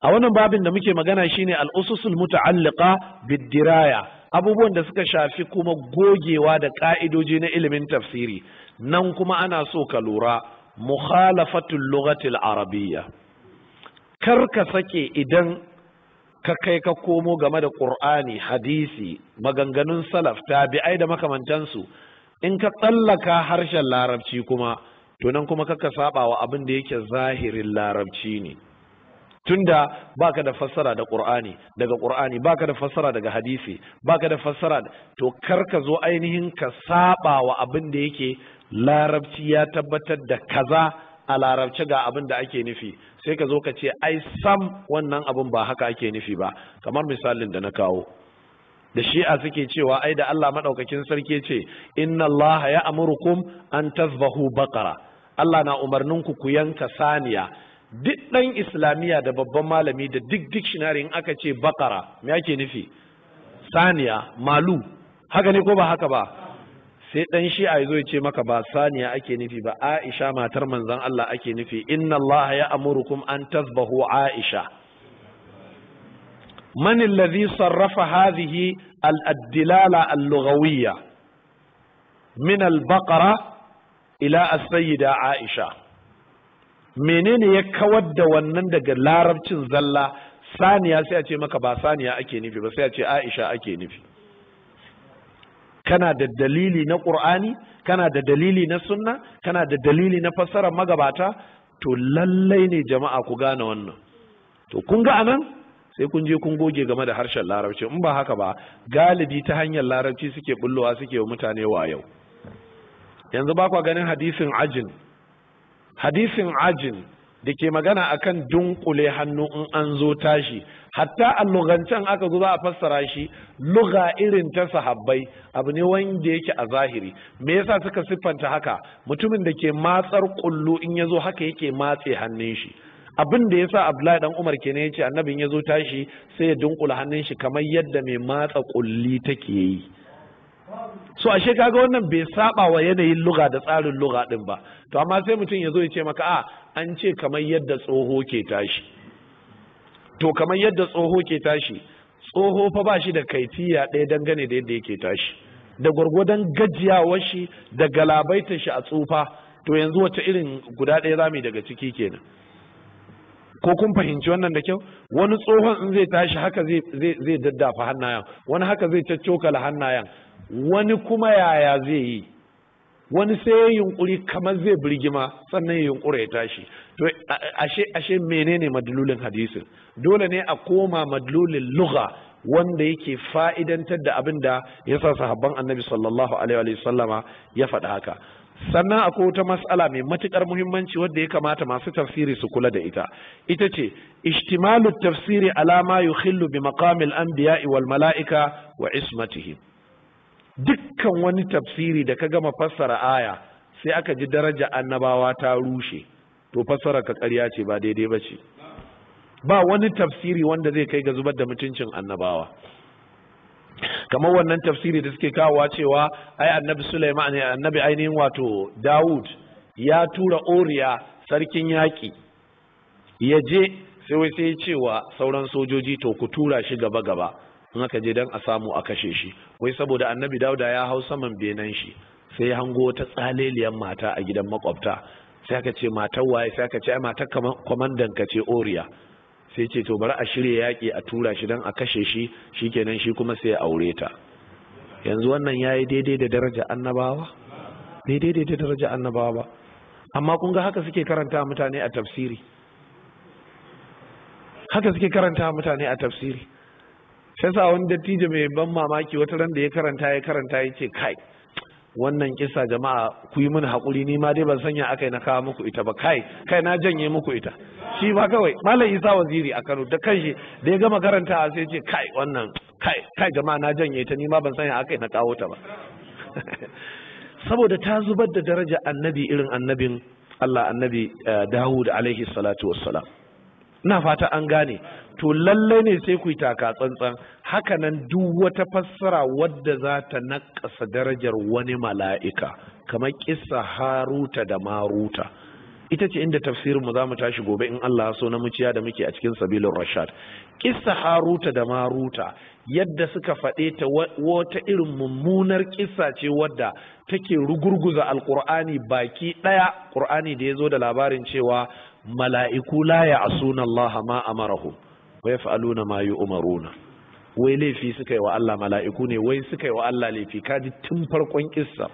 a wannan babin da muke magana shine al'ususul muta'alliqa biddiraya abubuwan da suka shafi kuma gogewa da ka'idoji na ilimin tafsiri nan kuma ana so ka lura mukhalafatul lughatil arabiyya kar ka sake idan ka kai ka komo game da qur'ani hadisi maganganun salaf tabi'ai da makamantansu in ka tsallaka harshen larabci kuma to nan kuma ka saba wa abin da yake zahirin larabci ne tunda baka da fassara da qur'ani daga qur'ani baka da fassara daga hadisi baka da fassara to kar ka zo ainihin ka saba wa abin da yake larabci ya tabbatar da kaza a larabci ga abin da ake nufi sai ka zo ka ce ai sam wannan abin ba haka ake nufi ba kamar misalin da na kawo da shi'a suke cewa ai da Allah madaukakin sarki ce inna Allah ya amurkum an tazbahu baqara Allah na umarnin ku ku yanka saniya duk dan islamiya da babban malami da duk dictionary in aka ce baqara me yake nufi saniya malu haka ne ko ba haka ba sai dan shi a zo ya ce maka ba saniya ake nufi ba aisha matar manzon Allah ake nufi inna Allah ya amurukum an tasbahu aisha man alladhi sarrafa hadhihi al-dilala al-lughawiyya min al-baqara ila as-sayyida aisha menene ya kawar da wannan daga larabcin zalla saniya sai a ce maka ba saniya ake nufi ba sai a ce aisha ake nufi kana da dalili na ƙur'ani kana da dalili na sunna kana da dalili na fassarar magabata to lallai ne jama'a ku gane wannan to kun ga anan sai kun je kun goge game da harshen larabci in ba haka ba galibi ta hanyar larabci suke bullowa suke wa mutane wa yau yanzu ba kwa ganin hadisin ajin hadisin ajin da ke magana akan dunkule hannu in an zo tashi hatta a lugancen aka zo za a fassara shi luga irin ta sahabbai abu ne wanda yake a zahiri me yasa suka siffanta haka mutumin da ke matsar kullu in yazo haka yake matse hannun shi abin da yasa Abdullahi dan Umar kenan yace annabin yazo tashi sai ya dunkula hannun shi kamar yadda mai matsa kulli take yi so ashe kaga wannan bai saba wa yanayin luga da tsarin luga din ba to amma sai mutum yazo ya ce maka a ah, an ce kamar yadda tsoho ke tashi to kamar yadda tsoho ke tashi tsoho fa ba shi da kaitiya ɗaya dangane da yadda yake tashi da gwargwadon gajiyawar shi da galabaitar shi a tsufa to yanzu wata irin guda ɗaya zami daga ciki kenan ko kun fahimci wannan da kyau wani tsohon in zai tashi haka zai daddafa hannayen wani haka zai caccokala hannayen wani kuma yaya zai yi wani sai ya yunkuri kamar zai birgima sannan ya yunkura ya tashi to ashe ashe menene madlulin hadisin dole ne a koma madlulin lugha wanda yake fa'idantar da abin da ya sa sahabban annabi sallallahu alaihi ya faɗa haka sannan akwai wata mas'ala mai matukar muhimmanci wadda ya kamata masu tafsiri su kula da ita ita ce ishtimalu tafsiri alama ma yukhillu bi maqamil anbiya'i wal mala'ika wa ismatihim dukkan wani tafsiri da ka gama fassara aya sai aka ji daraja annabawa ta rushe to fassara ka ƙarya ce ba daidai ba ce ba wani tafsiri wanda zai kai ga zubar da mutuncin annabawa kamar wannan tafsiri da suke kawowa cewa ai annabi Sulaiman annabi ainihin wato Dawud ya tura Oriya sarkin yaƙi ya je sai wai sai cewa sauran sojoji to ku tura shi gaba gaba in aka je don a samu a kashe shi wai saboda annabi dauda ya hau saman benan shi sai ya hango ta tsaleliyar mata a gidan makwabta sai aka ce matar waye sai aka ce ai matar kwamandan ka ce oriya sai ce to bari a shirya yaƙi a tura shi don a kashe shi shikenan shi kuma sai ya aure ta yanzu wannan ya yi daidai da daraja annabawa daidai da daraja annabawa ba amma kun ga haka suke karanta mutane a tafsiri haka suke karanta mutane a tafsiri shi wani dattijo mai ban mamaki wata ran da ya karanta ya karanta ya ce kai wannan kisa jama'a ku yi mini haƙuri ni ma dai ban sanya aka na kawo muku ita ba kai kai na janye muku ita shi ma kawai malam isa waziri a kano da kanshi da ya gama karanta sai ce kai wannan kai kai jama'a na janye ta ni ma ban sanya aka na kawo ta ba saboda ta zubar da daraja annabi irin annabin Allah annabi eh, Dawud alaihi salatu wassalam ina fata an gane to lalle ne sai ku yi taka tsantsan hakanan duk wata fassara wadda za ta naƙasa darajar wani mala'ika kamar kissa haruta da maruta ita ce inda tafsirin mu za mu tashi gobe in Allah so na muciya da muke a cikin sabilin rashad kissa haruta da maruta yadda suka faɗe ta wata irin mummunar ƙisa ce wadda take rugurguza Alƙur'ani baki ɗaya ƙur'ani da ya zo da labarin cewa mala'iku la ya asuna Allah ma marahu wa yaf'aluna ma umaruna? wai laifi suka yi wa Allah mala'iku ne wai suka yi wa Allah laifi kaji tun farkon kissa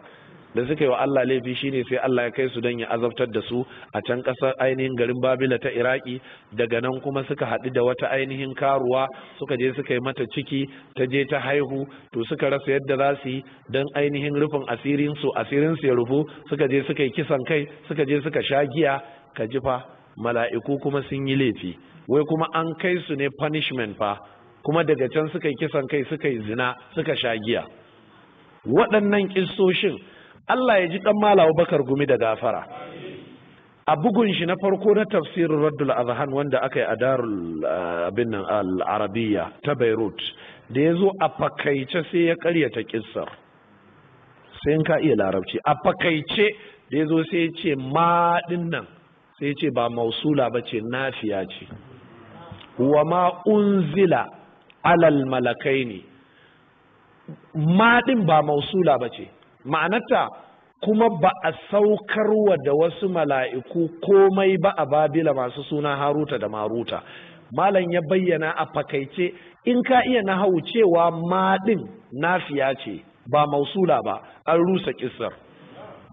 da suka yi wa Allah laifi shine sai Allah ya kai su don ya azabtar da su a can ƙasar ainihin garin Babila ta Iraki daga nan kuma suka haɗu da wata ainihin karuwa suka je suka yi mata ciki ta je ta haihu to suka rasa yadda za su yi don ainihin rufin asirin su asirin su ya rufu suka je suka yi kisan kai suka je suka sha giya ka ji fa mala'iku kuma sun yi laifi wai kuma an kai su ne punishment fa kuma daga can suka yi kisan kai suka yi zina suka sha giya waɗannan kistoshin Allah ya ji ɗan malawa bakar gumi da gafara a bugun shi na farko na tafsirin raddul azhan wanda aka yi a darul eh, abin nan al arabiya ta beirut da ya zo a fakaice sai ya karyata kissar sai in ka iya larabci a fakaice da ya zo sai ya ce maɗin nan sai ya ce ba mausula ba ce nafiya ce wa ma unzila alal malakai ne Maɗin ba mausula ba ce ma'anarta kuma ba a saukarwa da wasu mala'iku komai ba a babila masu suna haruta da maruta malam ya bayyana a fakaice in ka iya na hau cewa maɗin nafiya ce ba mausula ba an rusa ƙisar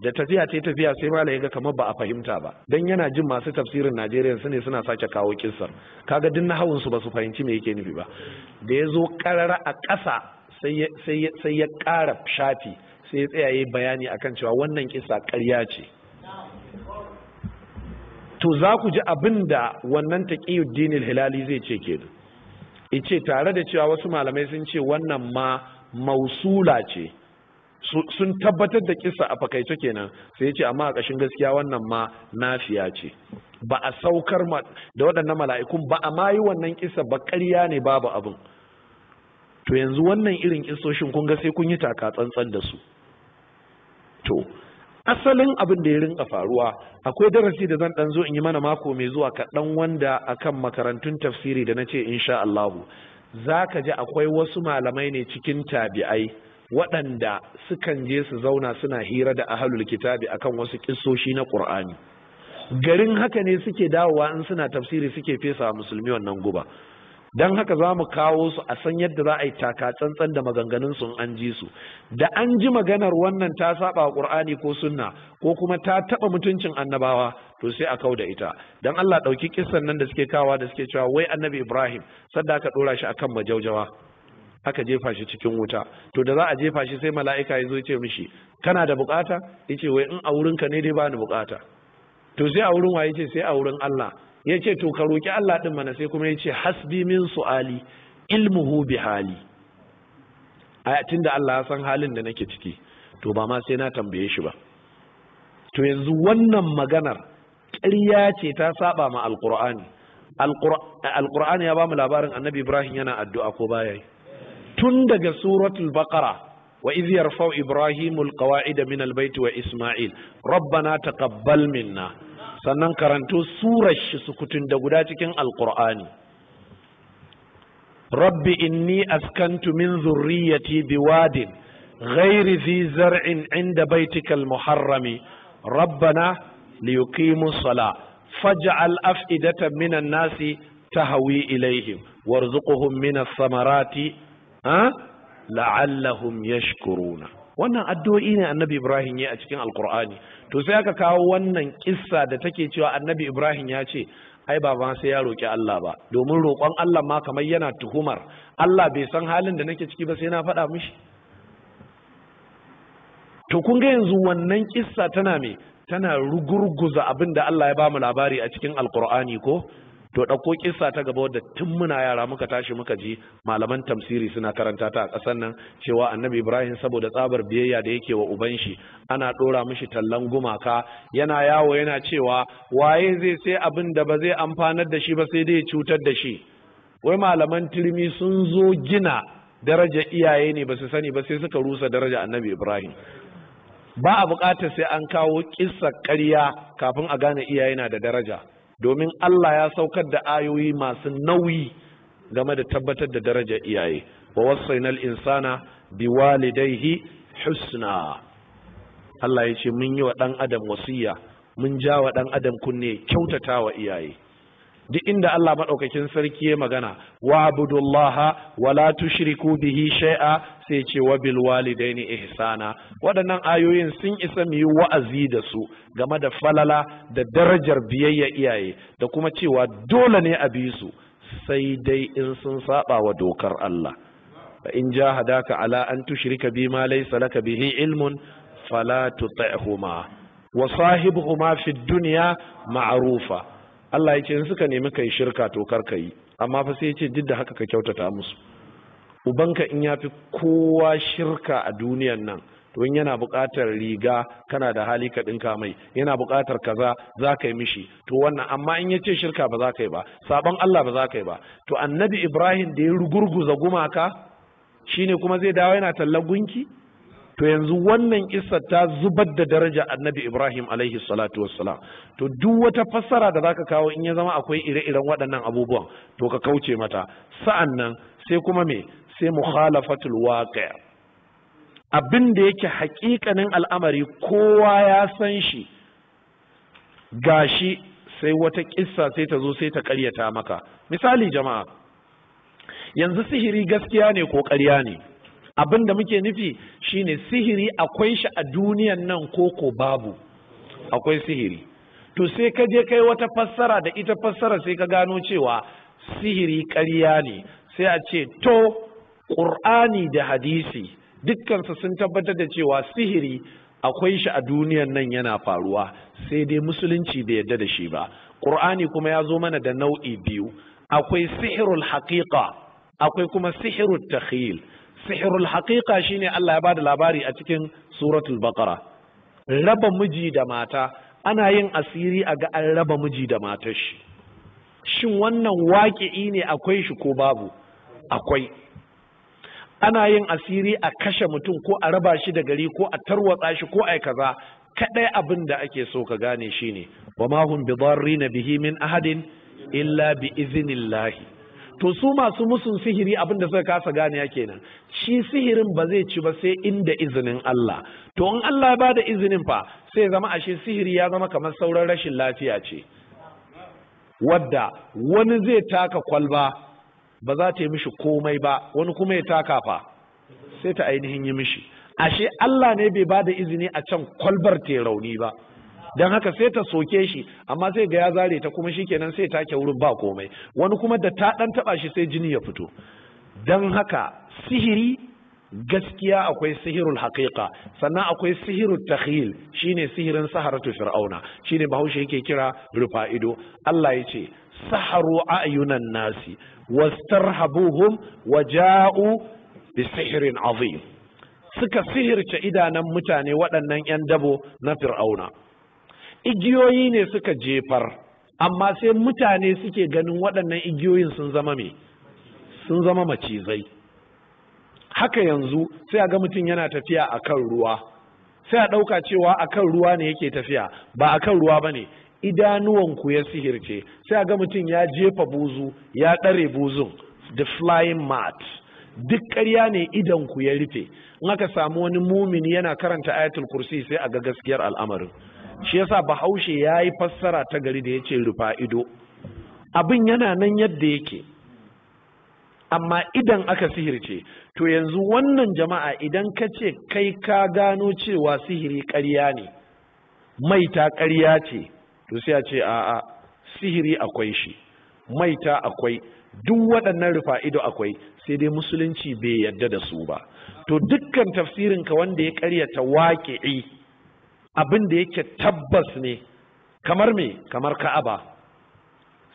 da tafiya ta tafiya sai ma ya ga kamar ba a fahimta ba dan yana jin masu tafsirin Najeriya su ne suna sake kawo kissar kaga duk nahawun su ba su fahimci me yake nufi ba da ya zo karara a ƙasa sai ya ƙara shafi sai ya tsaya bayani akan cewa wannan kisa ƙarya ce to za ku ji abin da wannan taqiyuddin hilali zai ce kenan ice tare da cewa wasu malamai sun ce wannan ma mausula ce sun tabbatar da kisa a fakaice kenan sai ce amma a ƙashin gaskiya wannan ma nafiya ce ba a saukar da waɗannan mala'ikun ba a ma yi wannan kisa ba ƙarya ne babu abin to yanzu wannan irin kisoshin kun ga sai kun yi taka tsantsan da su to asalin abin da ya rinka faruwa akwai darasi da zan ɗanzo zo in yi mana mako mai zuwa kaɗan wanda akan makarantun tafsiri da na ce insha Allahu za ka ji akwai wasu malamai ne cikin tabi'ai waɗanda sukan je su zauna suna hira da ahalul kitabi akan wasu kissoshi na ƙur'ani garin haka ne suke dawowa in suna tafsiri suke fesa musulmi wannan guba don haka za mu kawo su a san yadda za a yi taka tsantsan da maganganun sun an ji su da an ji maganar wannan ta saba ƙur'ani ko sunna ko kuma ta taɓa mutuncin annabawa to sai a kau da ita don Allah ɗauki kissan nan da suke kawa da suke cewa wai annabi Ibrahim sadda aka ɗora shi akan majaujawa aka jefa shi cikin wuta to da za a jefa shi sai mala'ika ya zo ce mishi kana da bukata yace wai in a wurin ka ne dai bani bukata to sai a wurin waye ce sai a wurin Allah yace to ka roki Allah din mana sai kuma yace hasbi min su'ali ilmuhu bi hali Aya tunda Allah ya san halin da nake ciki to ba ma sai na tambaye shi ba to yanzu wannan maganar ƙarya ce ta saba ma alqur'ani alqur'ani ya ba mu labarin annabi Ibrahim yana addu'a ko baya yi tun daga suratul baqara wa iz yarfau ibrahimul qawa'ida min albayt wa isma'il rabbana taqabbal minna sannan karanto surar shi sukutun da guda cikin alqur'ani rabbi inni askantu min zurriyyati biwadin ghairi zi zar'in 'inda baytikal muharrami rabbana liyuqimus Faja'al فاجعل أفئدة من الناس تهوي إليهم وارزقهم من الثمرات la'allahum yashkuruna wannan addu'o'i ne annabi ibrahim ya a cikin alkur'ani to sai aka kawo wannan kissa da take cewa annabi ibrahim ya ce ai baban sai ya roki Allah ba domin roƙon Allah ma kamar yana tuhumar Allah bai san halin da nake ciki ba sai na faɗa mishi to kun ga yanzu wannan kissa tana me tana rugurguza abin da Allah ya ba mu labari a cikin alkur'ani ko to ɗauko kisa ta gaba wadda tun muna yara muka tashi muka ji malaman tamsiri suna karanta ta a ƙasar nan cewa annabi ibrahim saboda tsabar biyayya da yake wa uban shi ana ɗora mishi tallan gumaka yana yawo yana cewa waye zai sai abin da ba zai amfanar da shi ba sai dai cutar da shi wai malaman turmi sun zo gina daraja iyaye ne ba su sani ba sai suka rusa daraja annabi ibrahim ba a buƙatar sai an kawo kissa ƙarya kafin a gane iyaye na da daraja domin Allah ya saukar da ayoyi masu nauyi game da tabbatar da darajar iyaye wa wasainal insana biwalidaihi husna Allah ya ce mun yi wa ɗan adam wasiya mun ja wa ɗan adam kunne kyautata wa iyaye duk inda Allah maɗaukakin sarki ya magana wa abudullaha wa la tushriku bihi shay'a sai ce wa bil walidaini ihsana waɗannan ayoyin sun isa mu yi wa'azi da su game da falala da darajar biyayya iyaye da kuma cewa dole ne a bi su sai dai in sun saba wa dokar Allah fa in jahadaka ala an tushrika bima laysa laka bihi ilmun fala tuti'huma wa sahibuhuma fid dunya ma'rufa Allah ya ce in suka nemi kai shirka to kar ka yi amma fa sai ya ce duk da haka ka kyautata musu ubanka in ya fi kowa shirka a duniyan nan to in yana buƙatar riga kana da hali ka ɗinka mai yana buƙatar kaza za ka yi mishi to wannan amma in ya ce shirka ba za ka yi ba sabon Allah ba za ka yi ba to annabi Ibrahim da ya rugurguza gumaka shine kuma zai dawo yana tallan gunki to yanzu wannan isa ta zubar da daraja annabi ibrahim alaihi salatu wassalam to duk wata fassara da zaka kawo in ya zama akwai ire-iren waɗannan abubuwan to ka kauce mata sa'an nan sai kuma me sai mukhalafatul waqi' abin da yake haƙiƙanin al'amari kowa ya san shi gashi sai wata kissa sai ta zo sai ta ƙaryata maka misali jama'a yanzu sihiri gaskiya ne ko ƙarya ne abin da muke nufi shine sihiri akwai shi a duniyan nan koko babu akwai sihiri to sai ka je kai wata fassara da ita fassara sai ka gano cewa sihiri karya ne sai a ce to ƙur'ani da hadisi dukkansa sun tabbatar da cewa sihiri akwai shi a duniyan nan yana faruwa sai dai musulunci bai yadda da shi ba ƙur'ani kuma ya zo mana da nau'i biyu akwai sihirul haƙiƙa akwai kuma sihirul takhil sihirul haƙiƙa shine Allah ya bada labari a cikin suratul baqara raba miji da mata ana yin asiri a ga an raba miji da mata shi shin wannan waƙi'i ne akwai shi ko babu akwai ana yin asiri a kashe mutum ko a raba shi da gari ko a tarwatsa shi ko ai kaza Kaɗai abin da ake so ka gane shine wa ma hum bidarrin bihi min ahadin illa bi iznillahi to su masu musun sihiri abin da suka kasa gane kenan shi sihirin ba zai ci ba sai inda izinin Allah to in Allah ya bada izinin fa sai zama ashe sihiri ya zama kamar sauran rashin lafiya ce wadda wani zai taka kwalba ba za ta yi mishi komai ba wani kuma ya taka fa sai ta ainihin yi mishi ashe Allah ne bai bada izini a can kwalbar ta rauni ba don haka sai ta soke shi amma sai ga ya zare ta kuma shikenan sai ta wurin ba komai wani kuma da ta dan taba shi sai jini ya fito don haka sihiri gaskiya akwai sihirul haqiqa sannan akwai sihirul takhil shine sihirin saharatu fir'auna shine bahaushe yake kira rufa'ido Allah ya ce saharu ayunan nasi wastarhabuhum waja'u bisihirin azim suka sihirce idanun mutane waɗannan 'yan dabo na fir'auna igiyoyi ne suka jefar amma sai mutane suke ganin waɗannan igiyoyin sun zama me sun zama macizai haka yanzu sai a ga mutum yana tafiya a kan ruwa sai a ɗauka cewa a kan ruwa ne yake tafiya ba a kan ruwa ba ne idanuwanku ya sihirce sai a ga mutum ya jefa buzu ya ɗare buzun the flying mat duk karya ne idanku ya rufe in aka samu wani mumini yana karanta ayatul kursi sai a ga gaskiyar al'amarin shi yasa bahaushe ya yi fassara ta gari da ya ce rufa ido abin yana nan yadda yake amma idan aka sihirce to yanzu wannan jama'a idan ka ce kai ka gano cewa sihiri ƙarya ne maita ƙarya ce to sai a ce a'a sihiri akwai shi maita akwai duk waɗannan rufa ido akwai sai dai musulunci bai yadda da su ba to dukkan tafsirinka wanda ya ƙaryata waƙi'i abin da yake tabbas ne kamar me kamar ka'aba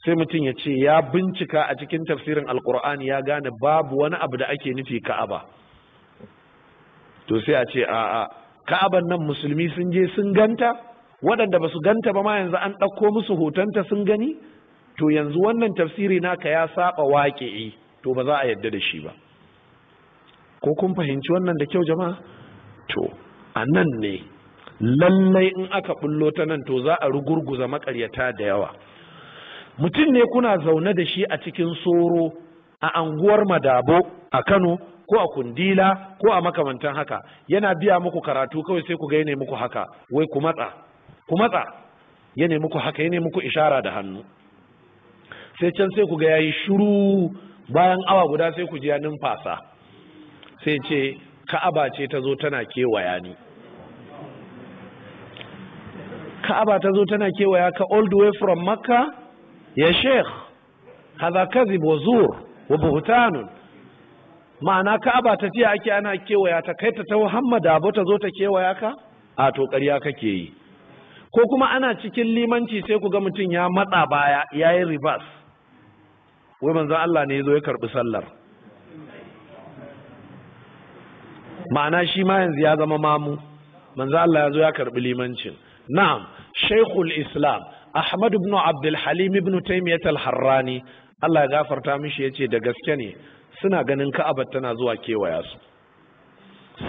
sai mutum ya ce ya bincika a cikin tafsirin alkur'ani ya gane babu wani abu da ake nufi ka'aba to sai a ce a'a ka'aban nan musulmi sun je sun ganta waɗanda ba su ganta ba ma yanzu an ɗauko musu hotonta sun gani to yanzu wannan tafsiri naka ya saba waƙe to ba za a yadda da shi ba ko kun fahimci wannan da kyau jama'a to a nan ne lallai in aka bullo ta nan to za a rugurguza makaryata da yawa mutum ne kuna zaune da shi a cikin soro a anguwar madabo a kano ko a kundila ko a makamantan haka yana biya muku karatu kawai sai ku ga yana muku haka wai ku matsa ku matsa yana muku haka yana muku ishara da hannu sai can sai ku ga yayi shiru bayan awa guda sai ku ji ya numfasa sai ce ka'aba ce ta zo tana kewaya ni ka'aba ta zo tana kewaya ka all way from makka ya sheikh hadha kadhib wa zur wa ma'ana ka'aba ta tafiya ake ana kewaya ta kai ta ta Muhammad Abu ta zo ta kewaya ka a to ƙarya kake yi ko kuma ana cikin limanci sai ku ga mutum ya matsa baya ya yi ribas. wai manzon Allah ne ya zo ya karbi sallar ma'ana shi ma yanzu ya zama mamu manzon Allah ya zo ya karbi limancin na'am shaikhul islam ahmad ibn abdul halim ibn taymiyyat al-harrani Allah ya gafarta mishi yace da gaske ne suna ganin ka'aba tana zuwa kewaya su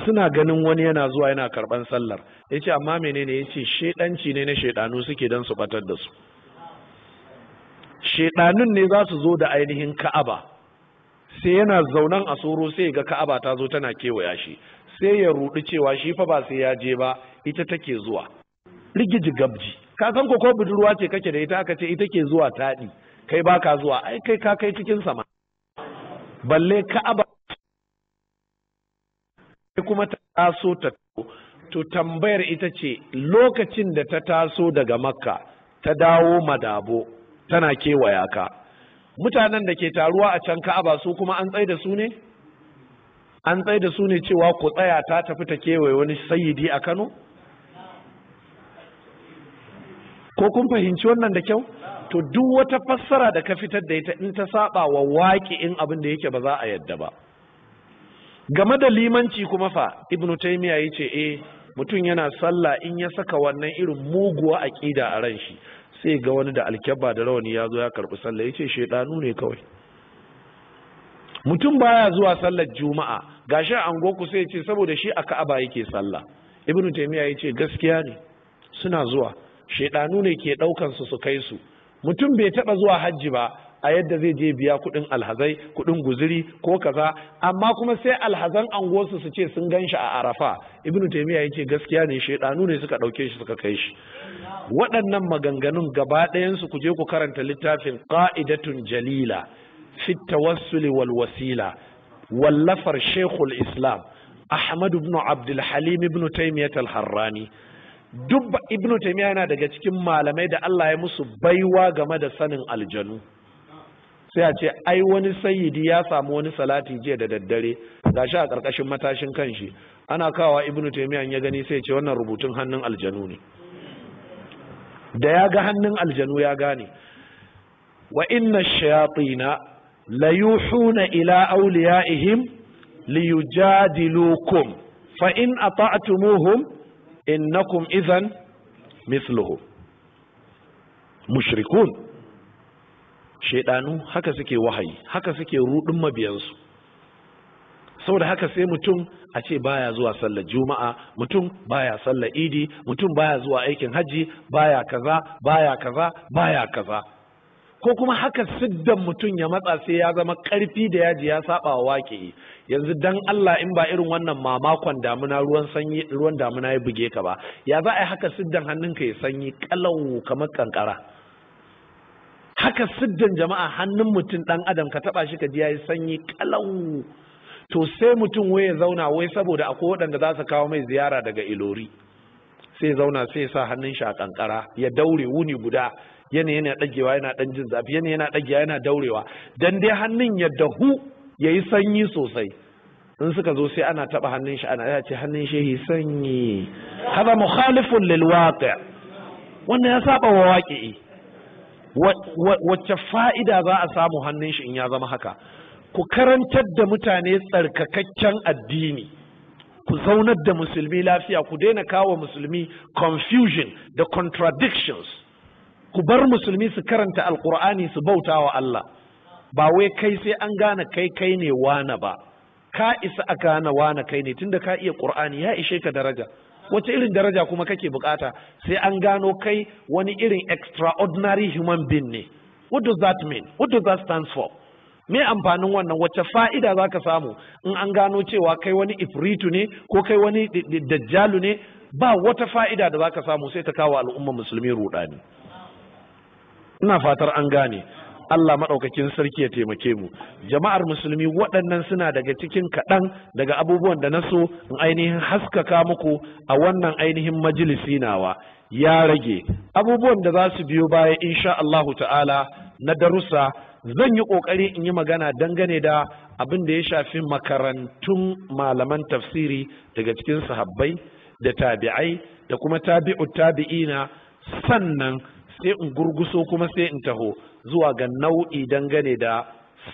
suna ganin wani yana zuwa yana karban sallar yace amma menene yace shedanci ne na shedanu suke dan su batar da su shedanun ne za su zo da ainihin ka'aba sai yana zaunan a tsoro sai ga ka'aba ta zo tana kewaya shi sai ya ruɗu cewa shi fa ba sai ya je ba ita take zuwa rigiji gabji ka san ko budurwa ce kake da ita aka ce ita ke zuwa taɗi kai ba ka zuwa ai kai ka kai cikin sama balle kai kuma ta taso ta to tambayar ita ce lokacin da ta taso daga makka ta dawo madabo tana kewaya ka mutanen da ke taruwa a can ka'aba su kuma an tsaye da su ne an tsaye da su ne cewa ku tsaya ta tafi ta kewaye wani sayidi a kano ko kun fahimci wannan da kyau to duk wata fassara da ka fitar da ita in ta saba wa waƙi in abin da yake ba za a yadda ba game da limanci kuma fa ibnu taymiya yace eh mutum yana sallah in ya saka wannan irin muguwa aqida a ran shi sai ga wani da alkyabba da rawani ya zo ya karbi sallah yace shedanu ne kawai mutum baya zuwa sallar juma'a gashi a angoku sai yace saboda shi a ka'aba yake sallah ibnu taymiya yace gaskiya ne suna zuwa shaidanu ne ke ɗaukan su su kai su mutum bai taɓa zuwa hajji ba a yadda zai je biya kuɗin alhazai kuɗin guziri ko kaza amma kuma sai alhazan anguwarsu su ce sun gan shi a arafa ibnu taimiya ya ce gaskiya ne shaidanu ne suka ɗauke shi suka kai shi waɗannan maganganun gaba ɗayansu ku je ku karanta littafin ƙa'idatun jalila fi tawassuli wal wasila wallafar shekul islam ahmad ibn abdulhalim ibn taimiyat al-harrani duk ibnu taymiya yana daga cikin malamai da Allah ya musu baiwa game da sanin aljanu sai a ce ai wani sayyidi ya samu wani salati jiya da daddare ga shi a karkashin matashin kanshi ana kawa ibnu taymiya ya gani sai ce wannan rubutun hannun aljanu ne da ya ga hannun aljanu ya gane wa inna shayatina la yuhuna ila awliyaihim liyujadilukum fa in ata'tumuhum innakum izan misluhu mushrikun shaidanu haka suke wahayi haka suke rudin mabiyansu saboda haka sai mutum a ce baya zuwa sallar juma'a mutum baya sallar idi mutum baya zuwa aikin hajji baya kaza baya kaza baya kaza ko kuma haka siddan mutum ya matsa sai ya zama karfi da yaji ya saba wa wake. yanzu dan Allah in ba irin wannan mamakon damuna ruwan sanyi ruwan damuna ya buge ka ba ya za a yi haka siddan hannunka ya sanyi kalau kamar kankara haka siddan jama'a hannun mutum dan adam ka taba shi ka ji yayi sanyi kalau to sai mutum wai ya zauna wai saboda akwai waɗanda za su kawo mai ziyara daga ilori sai zauna sai sa hannun shi a kankara ya daure wuni guda yana yana dagewa yana dan jin zafi yana yana dagewa yana daurewa dan dai hannun ya dahu yayi sanyi sosai in suka zo sai ana taba hannun shi ana yace hannun hannun shehi sanyi hada mukhalifun lil waqi' wannan ya saba wa waqi'i wacce fa'ida za a samu hannun shi in ya zama haka ku karantar da mutane tsarkakakken addini ku zaunar da musulmi lafiya ku daina kawo musulmi confusion da contradictions ku bar musulmi su karanta alkur'ani su bauta wa Allah ba wai kai sai an gane kai kai ne wana ba ka isa a gane wana kai ne tunda ka iya qur'ani ya ishe ka daraja wace irin daraja kuma kake bukata sai an gano kai wani irin extraordinary human being ne what does that mean what does that stand for me amfanin wannan wacce fa'ida zaka samu in an gano cewa kai wani ifritu ne ko kai wani dajjalu ne ba wata fa'ida da zaka samu sai ta kawo al'umma musulmi rudani ina fatar an gane Allah maɗaukakin sarki ya taimake mu jama'ar musulmi waɗannan suna daga cikin kaɗan daga abubuwan da na so in ainihin haskaka muku a wannan ainihin majalisi nawa ya rage abubuwan da za su biyo baya insha Allah ta'ala na darussa zan yi ƙoƙari in yi magana dangane da abin da ya shafi makarantun malaman tafsiri daga cikin sahabbai da tabi'ai da kuma tabi'u tabi'ina sannan sai in gurguso kuma sai in taho zuwa ga nau'i dangane da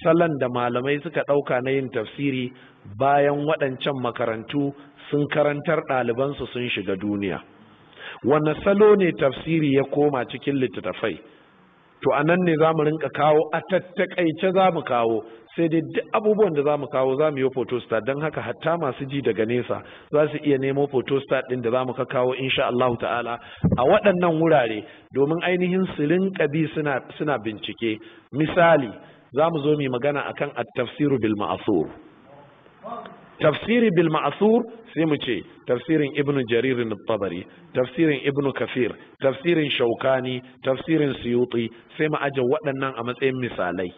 salon da malamai suka ɗauka na yin tafsiri bayan waɗancan makarantu sun karantar ɗalibansu sun shiga duniya wane salo ne tafsiri ya koma cikin littattafai to a nan ne za mu rinka kawo a tattakaice za mu kawo sai dai duk abubuwan da za mu kawo za mu yi photostat don haka hatta masu ji daga nesa za su iya nemo photostat ɗin da za mu kawo insha Allah ta'ala a waɗannan wurare domin ainihin su rinka suna, suna bincike misali za mu zo mu magana akan at-tafsiru bil ma'asur tafsiri bil ma'asur sai mu ce tafsirin ibnu Jaririn tabari tafsirin ibnu kafir tafsirin shaukani tafsirin suyuti sai mu aje waɗannan a matsayin misalai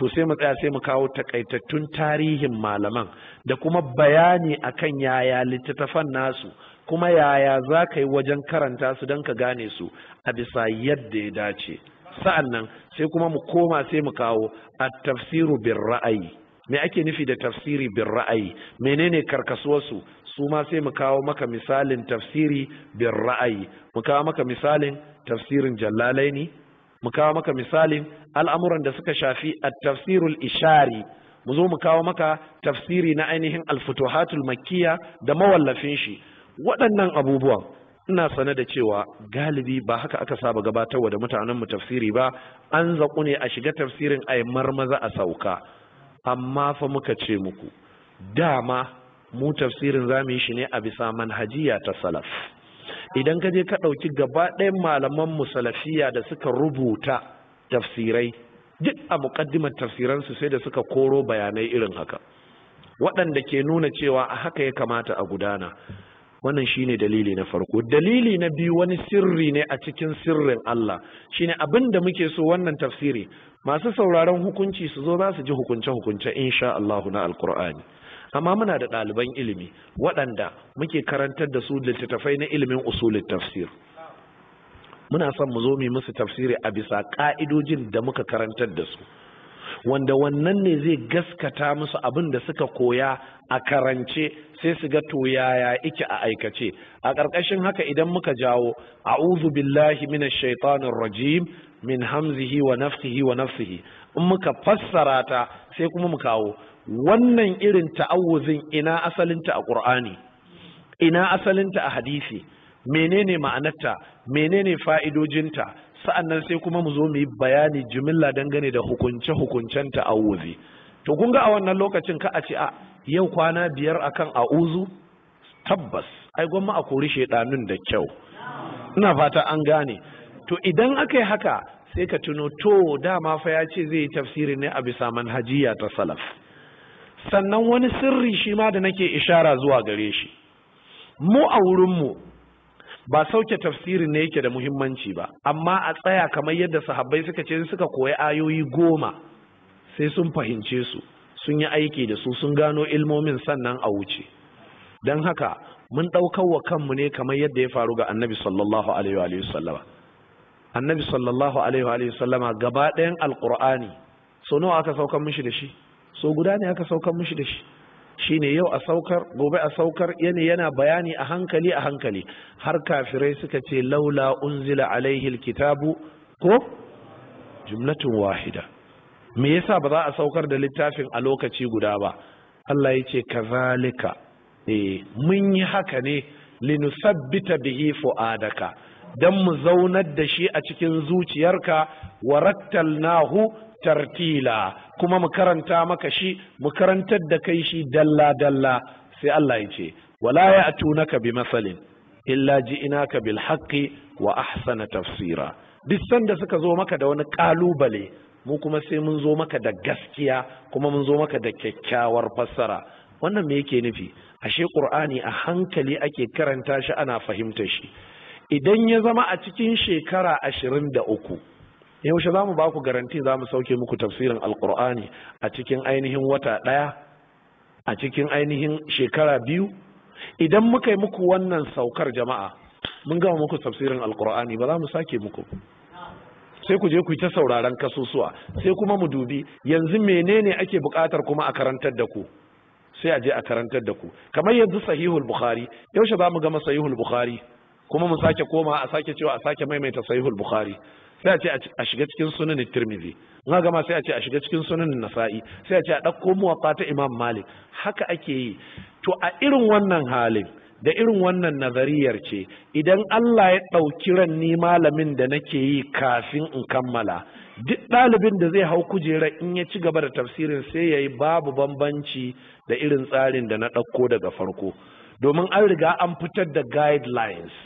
to sai mu tsaya sai mu kawo takaitattun tarihin malaman da kuma bayani akan yaya littattafan nasu kuma yaya za ka yi wajen karanta su don ka gane su a bisa yadda ya dace sa'an nan sai kuma mu koma sai mu kawo a tafsiru bin ra'ayi me ake nufi da tafsiri bin ra'ayi menene karkasuwarsu su ma sai mu kawo maka misalin tafsiri bin ra'ayi mu kawo maka misalin tafsirin jallalaini mu kawo maka misalin al'amuran da suka shafi a tafsirul ishari mu zo mu kawo maka tafsiri na ainihin alfutuhatul futuhatul makkiya da mawallafin shi waɗannan abubuwan ina sane da cewa galibi ba haka aka saba gabatarwa da mutanen mu tafsiri ba an zaƙu ne a shiga tafsirin a marmaza a sauka amma fa muka ce muku dama mu tafsirin zamu yi shi ne a bisa manhajiya ta salaf idan ka je ka ɗauki gaba ɗayan malaman musalafiya da suka rubuta tafsirai duk a muƙaddimar tafsiransu sai da suka koro bayanai irin haka waɗanda ke nuna cewa a haka ya kamata a gudana wannan shine dalili na farko dalili na biyu wani sirri ne a cikin sirrin Allah shine abin da muke so wannan tafsiri masu sauraron hukunci su zo za su ji hukunce hukunce insha Allah na alkur'ani amma muna da ɗaliban ilimi waɗanda muke karantar da su littattafai na ilimin usulin tafsir muna son mu zo mu musu tafsiri a bisa ƙa'idojin da muka karantar da su wanda wannan ne zai gaskata musu abin da suka koya a karance sai su ga to yaya ike a aikace a ƙarƙashin haka idan muka jawo a'udhu billahi minash shaitanir rajim min hamzihi wa nafsihi wa nafsihi in muka fassara ta sai kuma mu kawo wannan irin ta'awuzin ina asalinta a ƙur'ani ina asalinta a hadisi menene ma'anarta menene fa'idojinta sa'annan sai kuma mu zo mu yi bayani jimilla dangane da hukunce hukuncen ta'awuzi to kun ga a wannan lokacin ka a ce a yau kwana biyar akan uzu? tabbas ai gwamma a kori shedanun da kyau ina fata an gane to idan aka yi haka sai ka tuno to dama fa ya ce zai yi tafsiri ne a bisa manhajiya ta salaf sannan wani sirri shi ma da nake ishara zuwa gare shi mu a wurinmu ba sauke tafsiri ne yake da muhimmanci ba amma a tsaya kamar yadda sahabbai suka ce suka koyi ayoyi goma sai sun fahimce su sun yi aiki da su sun gano ilmomin sannan a wuce don haka mun ɗaukar wa kanmu ne kamar yadda ya faru ga annabi sallallahu alaihi wa annabi sallallahu alaihi wa sallama gaba ɗayan alqur'ani so nawa aka saukar mishi da shi so guda ne aka saukar mishi da shi shine yau a saukar gobe a saukar yana yana bayani a hankali a hankali har kafirai suka ce laula unzila alaihi alkitabu ko jumlatun wahida me yasa ba za a saukar da littafin a lokaci guda ba Allah ya ce kazalika eh mun yi haka ne linusabbita bihi fuadaka don mu zaunar da shi a cikin zuciyarka wa nahu tartila kuma mu karanta maka shi mu karantar da kai shi dalla dalla sai Allah ya ce wala ya atunaka bi masalin illa ji'inaka bil haqqi wa ahsana tafsira duk sanda suka zo maka da wani kalubale mu kuma sai mun zo maka da gaskiya kuma mun zo maka da kyakkyawar fassara wannan me yake nufi ashe qur'ani a hankali ake karanta shi ana fahimtar shi idan ya zama a cikin shekara ashirin da uku yaushe za mu ba ku garanti za mu sauke muku tafsirin alkur'ani a cikin ainihin wata ɗaya a cikin ainihin shekara biyu idan muka yi muku wannan saukar jama'a mun gama muku tafsirin alkur'ani ba za mu sake muku sai ku je ku yi ta sauraron kasusuwa sai kuma mu dubi yanzu menene ake buƙatar kuma a karantar da ku sai a je a karantar da ku kamar yanzu sahihul bukhari yaushe za mu gama sahihul bukhari kuma mu sake koma a sake cewa a sake maimaita sahihul bukhari sai a ce a shiga cikin sunan tirmidhi na gama sai a ce a shiga cikin sunan nasa'i sai a ce a ɗauko muwatta ta imam malik haka ake yi to a irin wannan halin da irin wannan nazariyar ce idan Allah ya ɗauki ran ni malamin da nake yi kafin in kammala duk ɗalibin da zai hau kujera in ya ci gaba da tafsirin sai yayi babu bambanci da irin tsarin da na ɗauko daga farko domin an riga an fitar da guidelines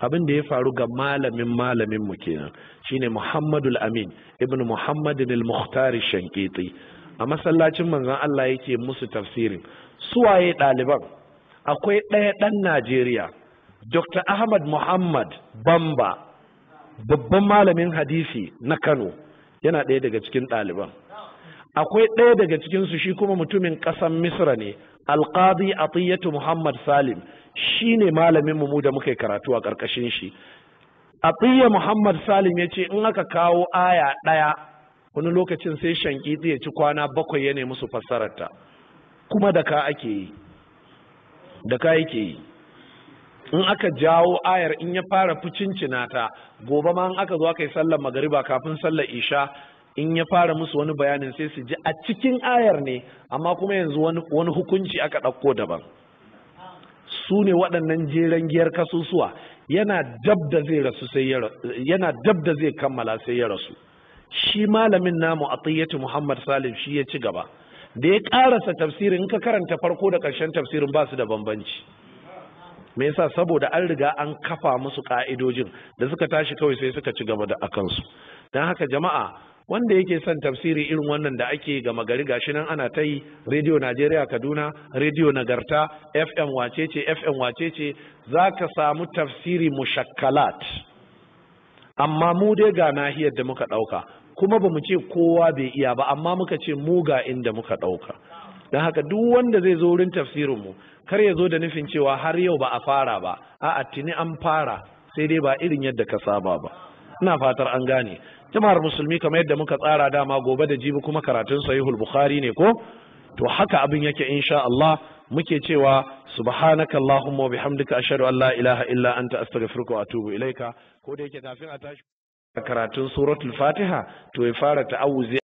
abin da ya faru ga malamin malamin mu kenan shine Muhammadul Amin ibn Muhammadin al-Mukhtar shankiti a masallacin manzon Allah yake musu tafsirin Su waye ɗaliban akwai ɗaya ɗan Najeriya Dr. Ahmad Muhammad Bamba babban malamin hadisi na Kano yana ɗaya daga cikin ɗaliban akwai ɗaya daga cikinsu shi kuma mutumin ƙasar Misra ne alqadi atiyatu muhammad salim shi ne malamin mu da muka yi karatu a karkashin shi atiyya muhammad salim ya ce in aka kawo aya ɗaya wani lokacin sai shanki ya ci kwana bakwai ya nemi su fassararta kuma da ka ake yi da ka yake yi in aka jawo ayar in ya fara ficincinata gobe ma in aka zo aka yi sallar magariba kafin sallar isha in ya fara musu wani bayanin sai su ji a cikin ayar ne amma kuma yanzu wani hukunci aka ɗauko daban su ne waɗannan jeren giyar kasusuwa yana dab da zai kammala sai ya rasu shi malamin namu tsayyata muhammad salim shi ya ci gaba da ya ƙarasa tafsirin ka karanta farko da ƙarshen tafsirin ba su da bambanci me yasa saboda an riga an kafa musu ka'idojin da suka tashi kawai sai suka ci gaba da akansu don haka jama'a wanda yake son tafsiri irin wannan da ake gama gari gashi nan ana ta yi radio Najeriya Kaduna radio Nagarta FM wacece FM wacece zaka samu tafsiri mushakkalat amma mu dai ga nahiyar da muka ɗauka, kuma ba mu ce kowa bai iya ba amma muka ce mu ga inda muka ɗauka. don haka duk wanda zai zo wurin tafsirin mu kar ya zo da nufin cewa har yau ba a fara ba a'a tuni an fara sai dai ba irin yadda ka saba ba ina fatar an gane jama'ar musulmi kamar yadda muka tsara dama gobe da jibi kuma karatun sahihul bukhari ne ko to haka abin yake insha Allah muke cewa subhanaka allahumma wa bihamdika ashhadu an la ilaha illa anta astaghfiruka wa atubu ilaika ko da yake kafin a tashi karatun suratul fatiha to ya fara ta'awuzi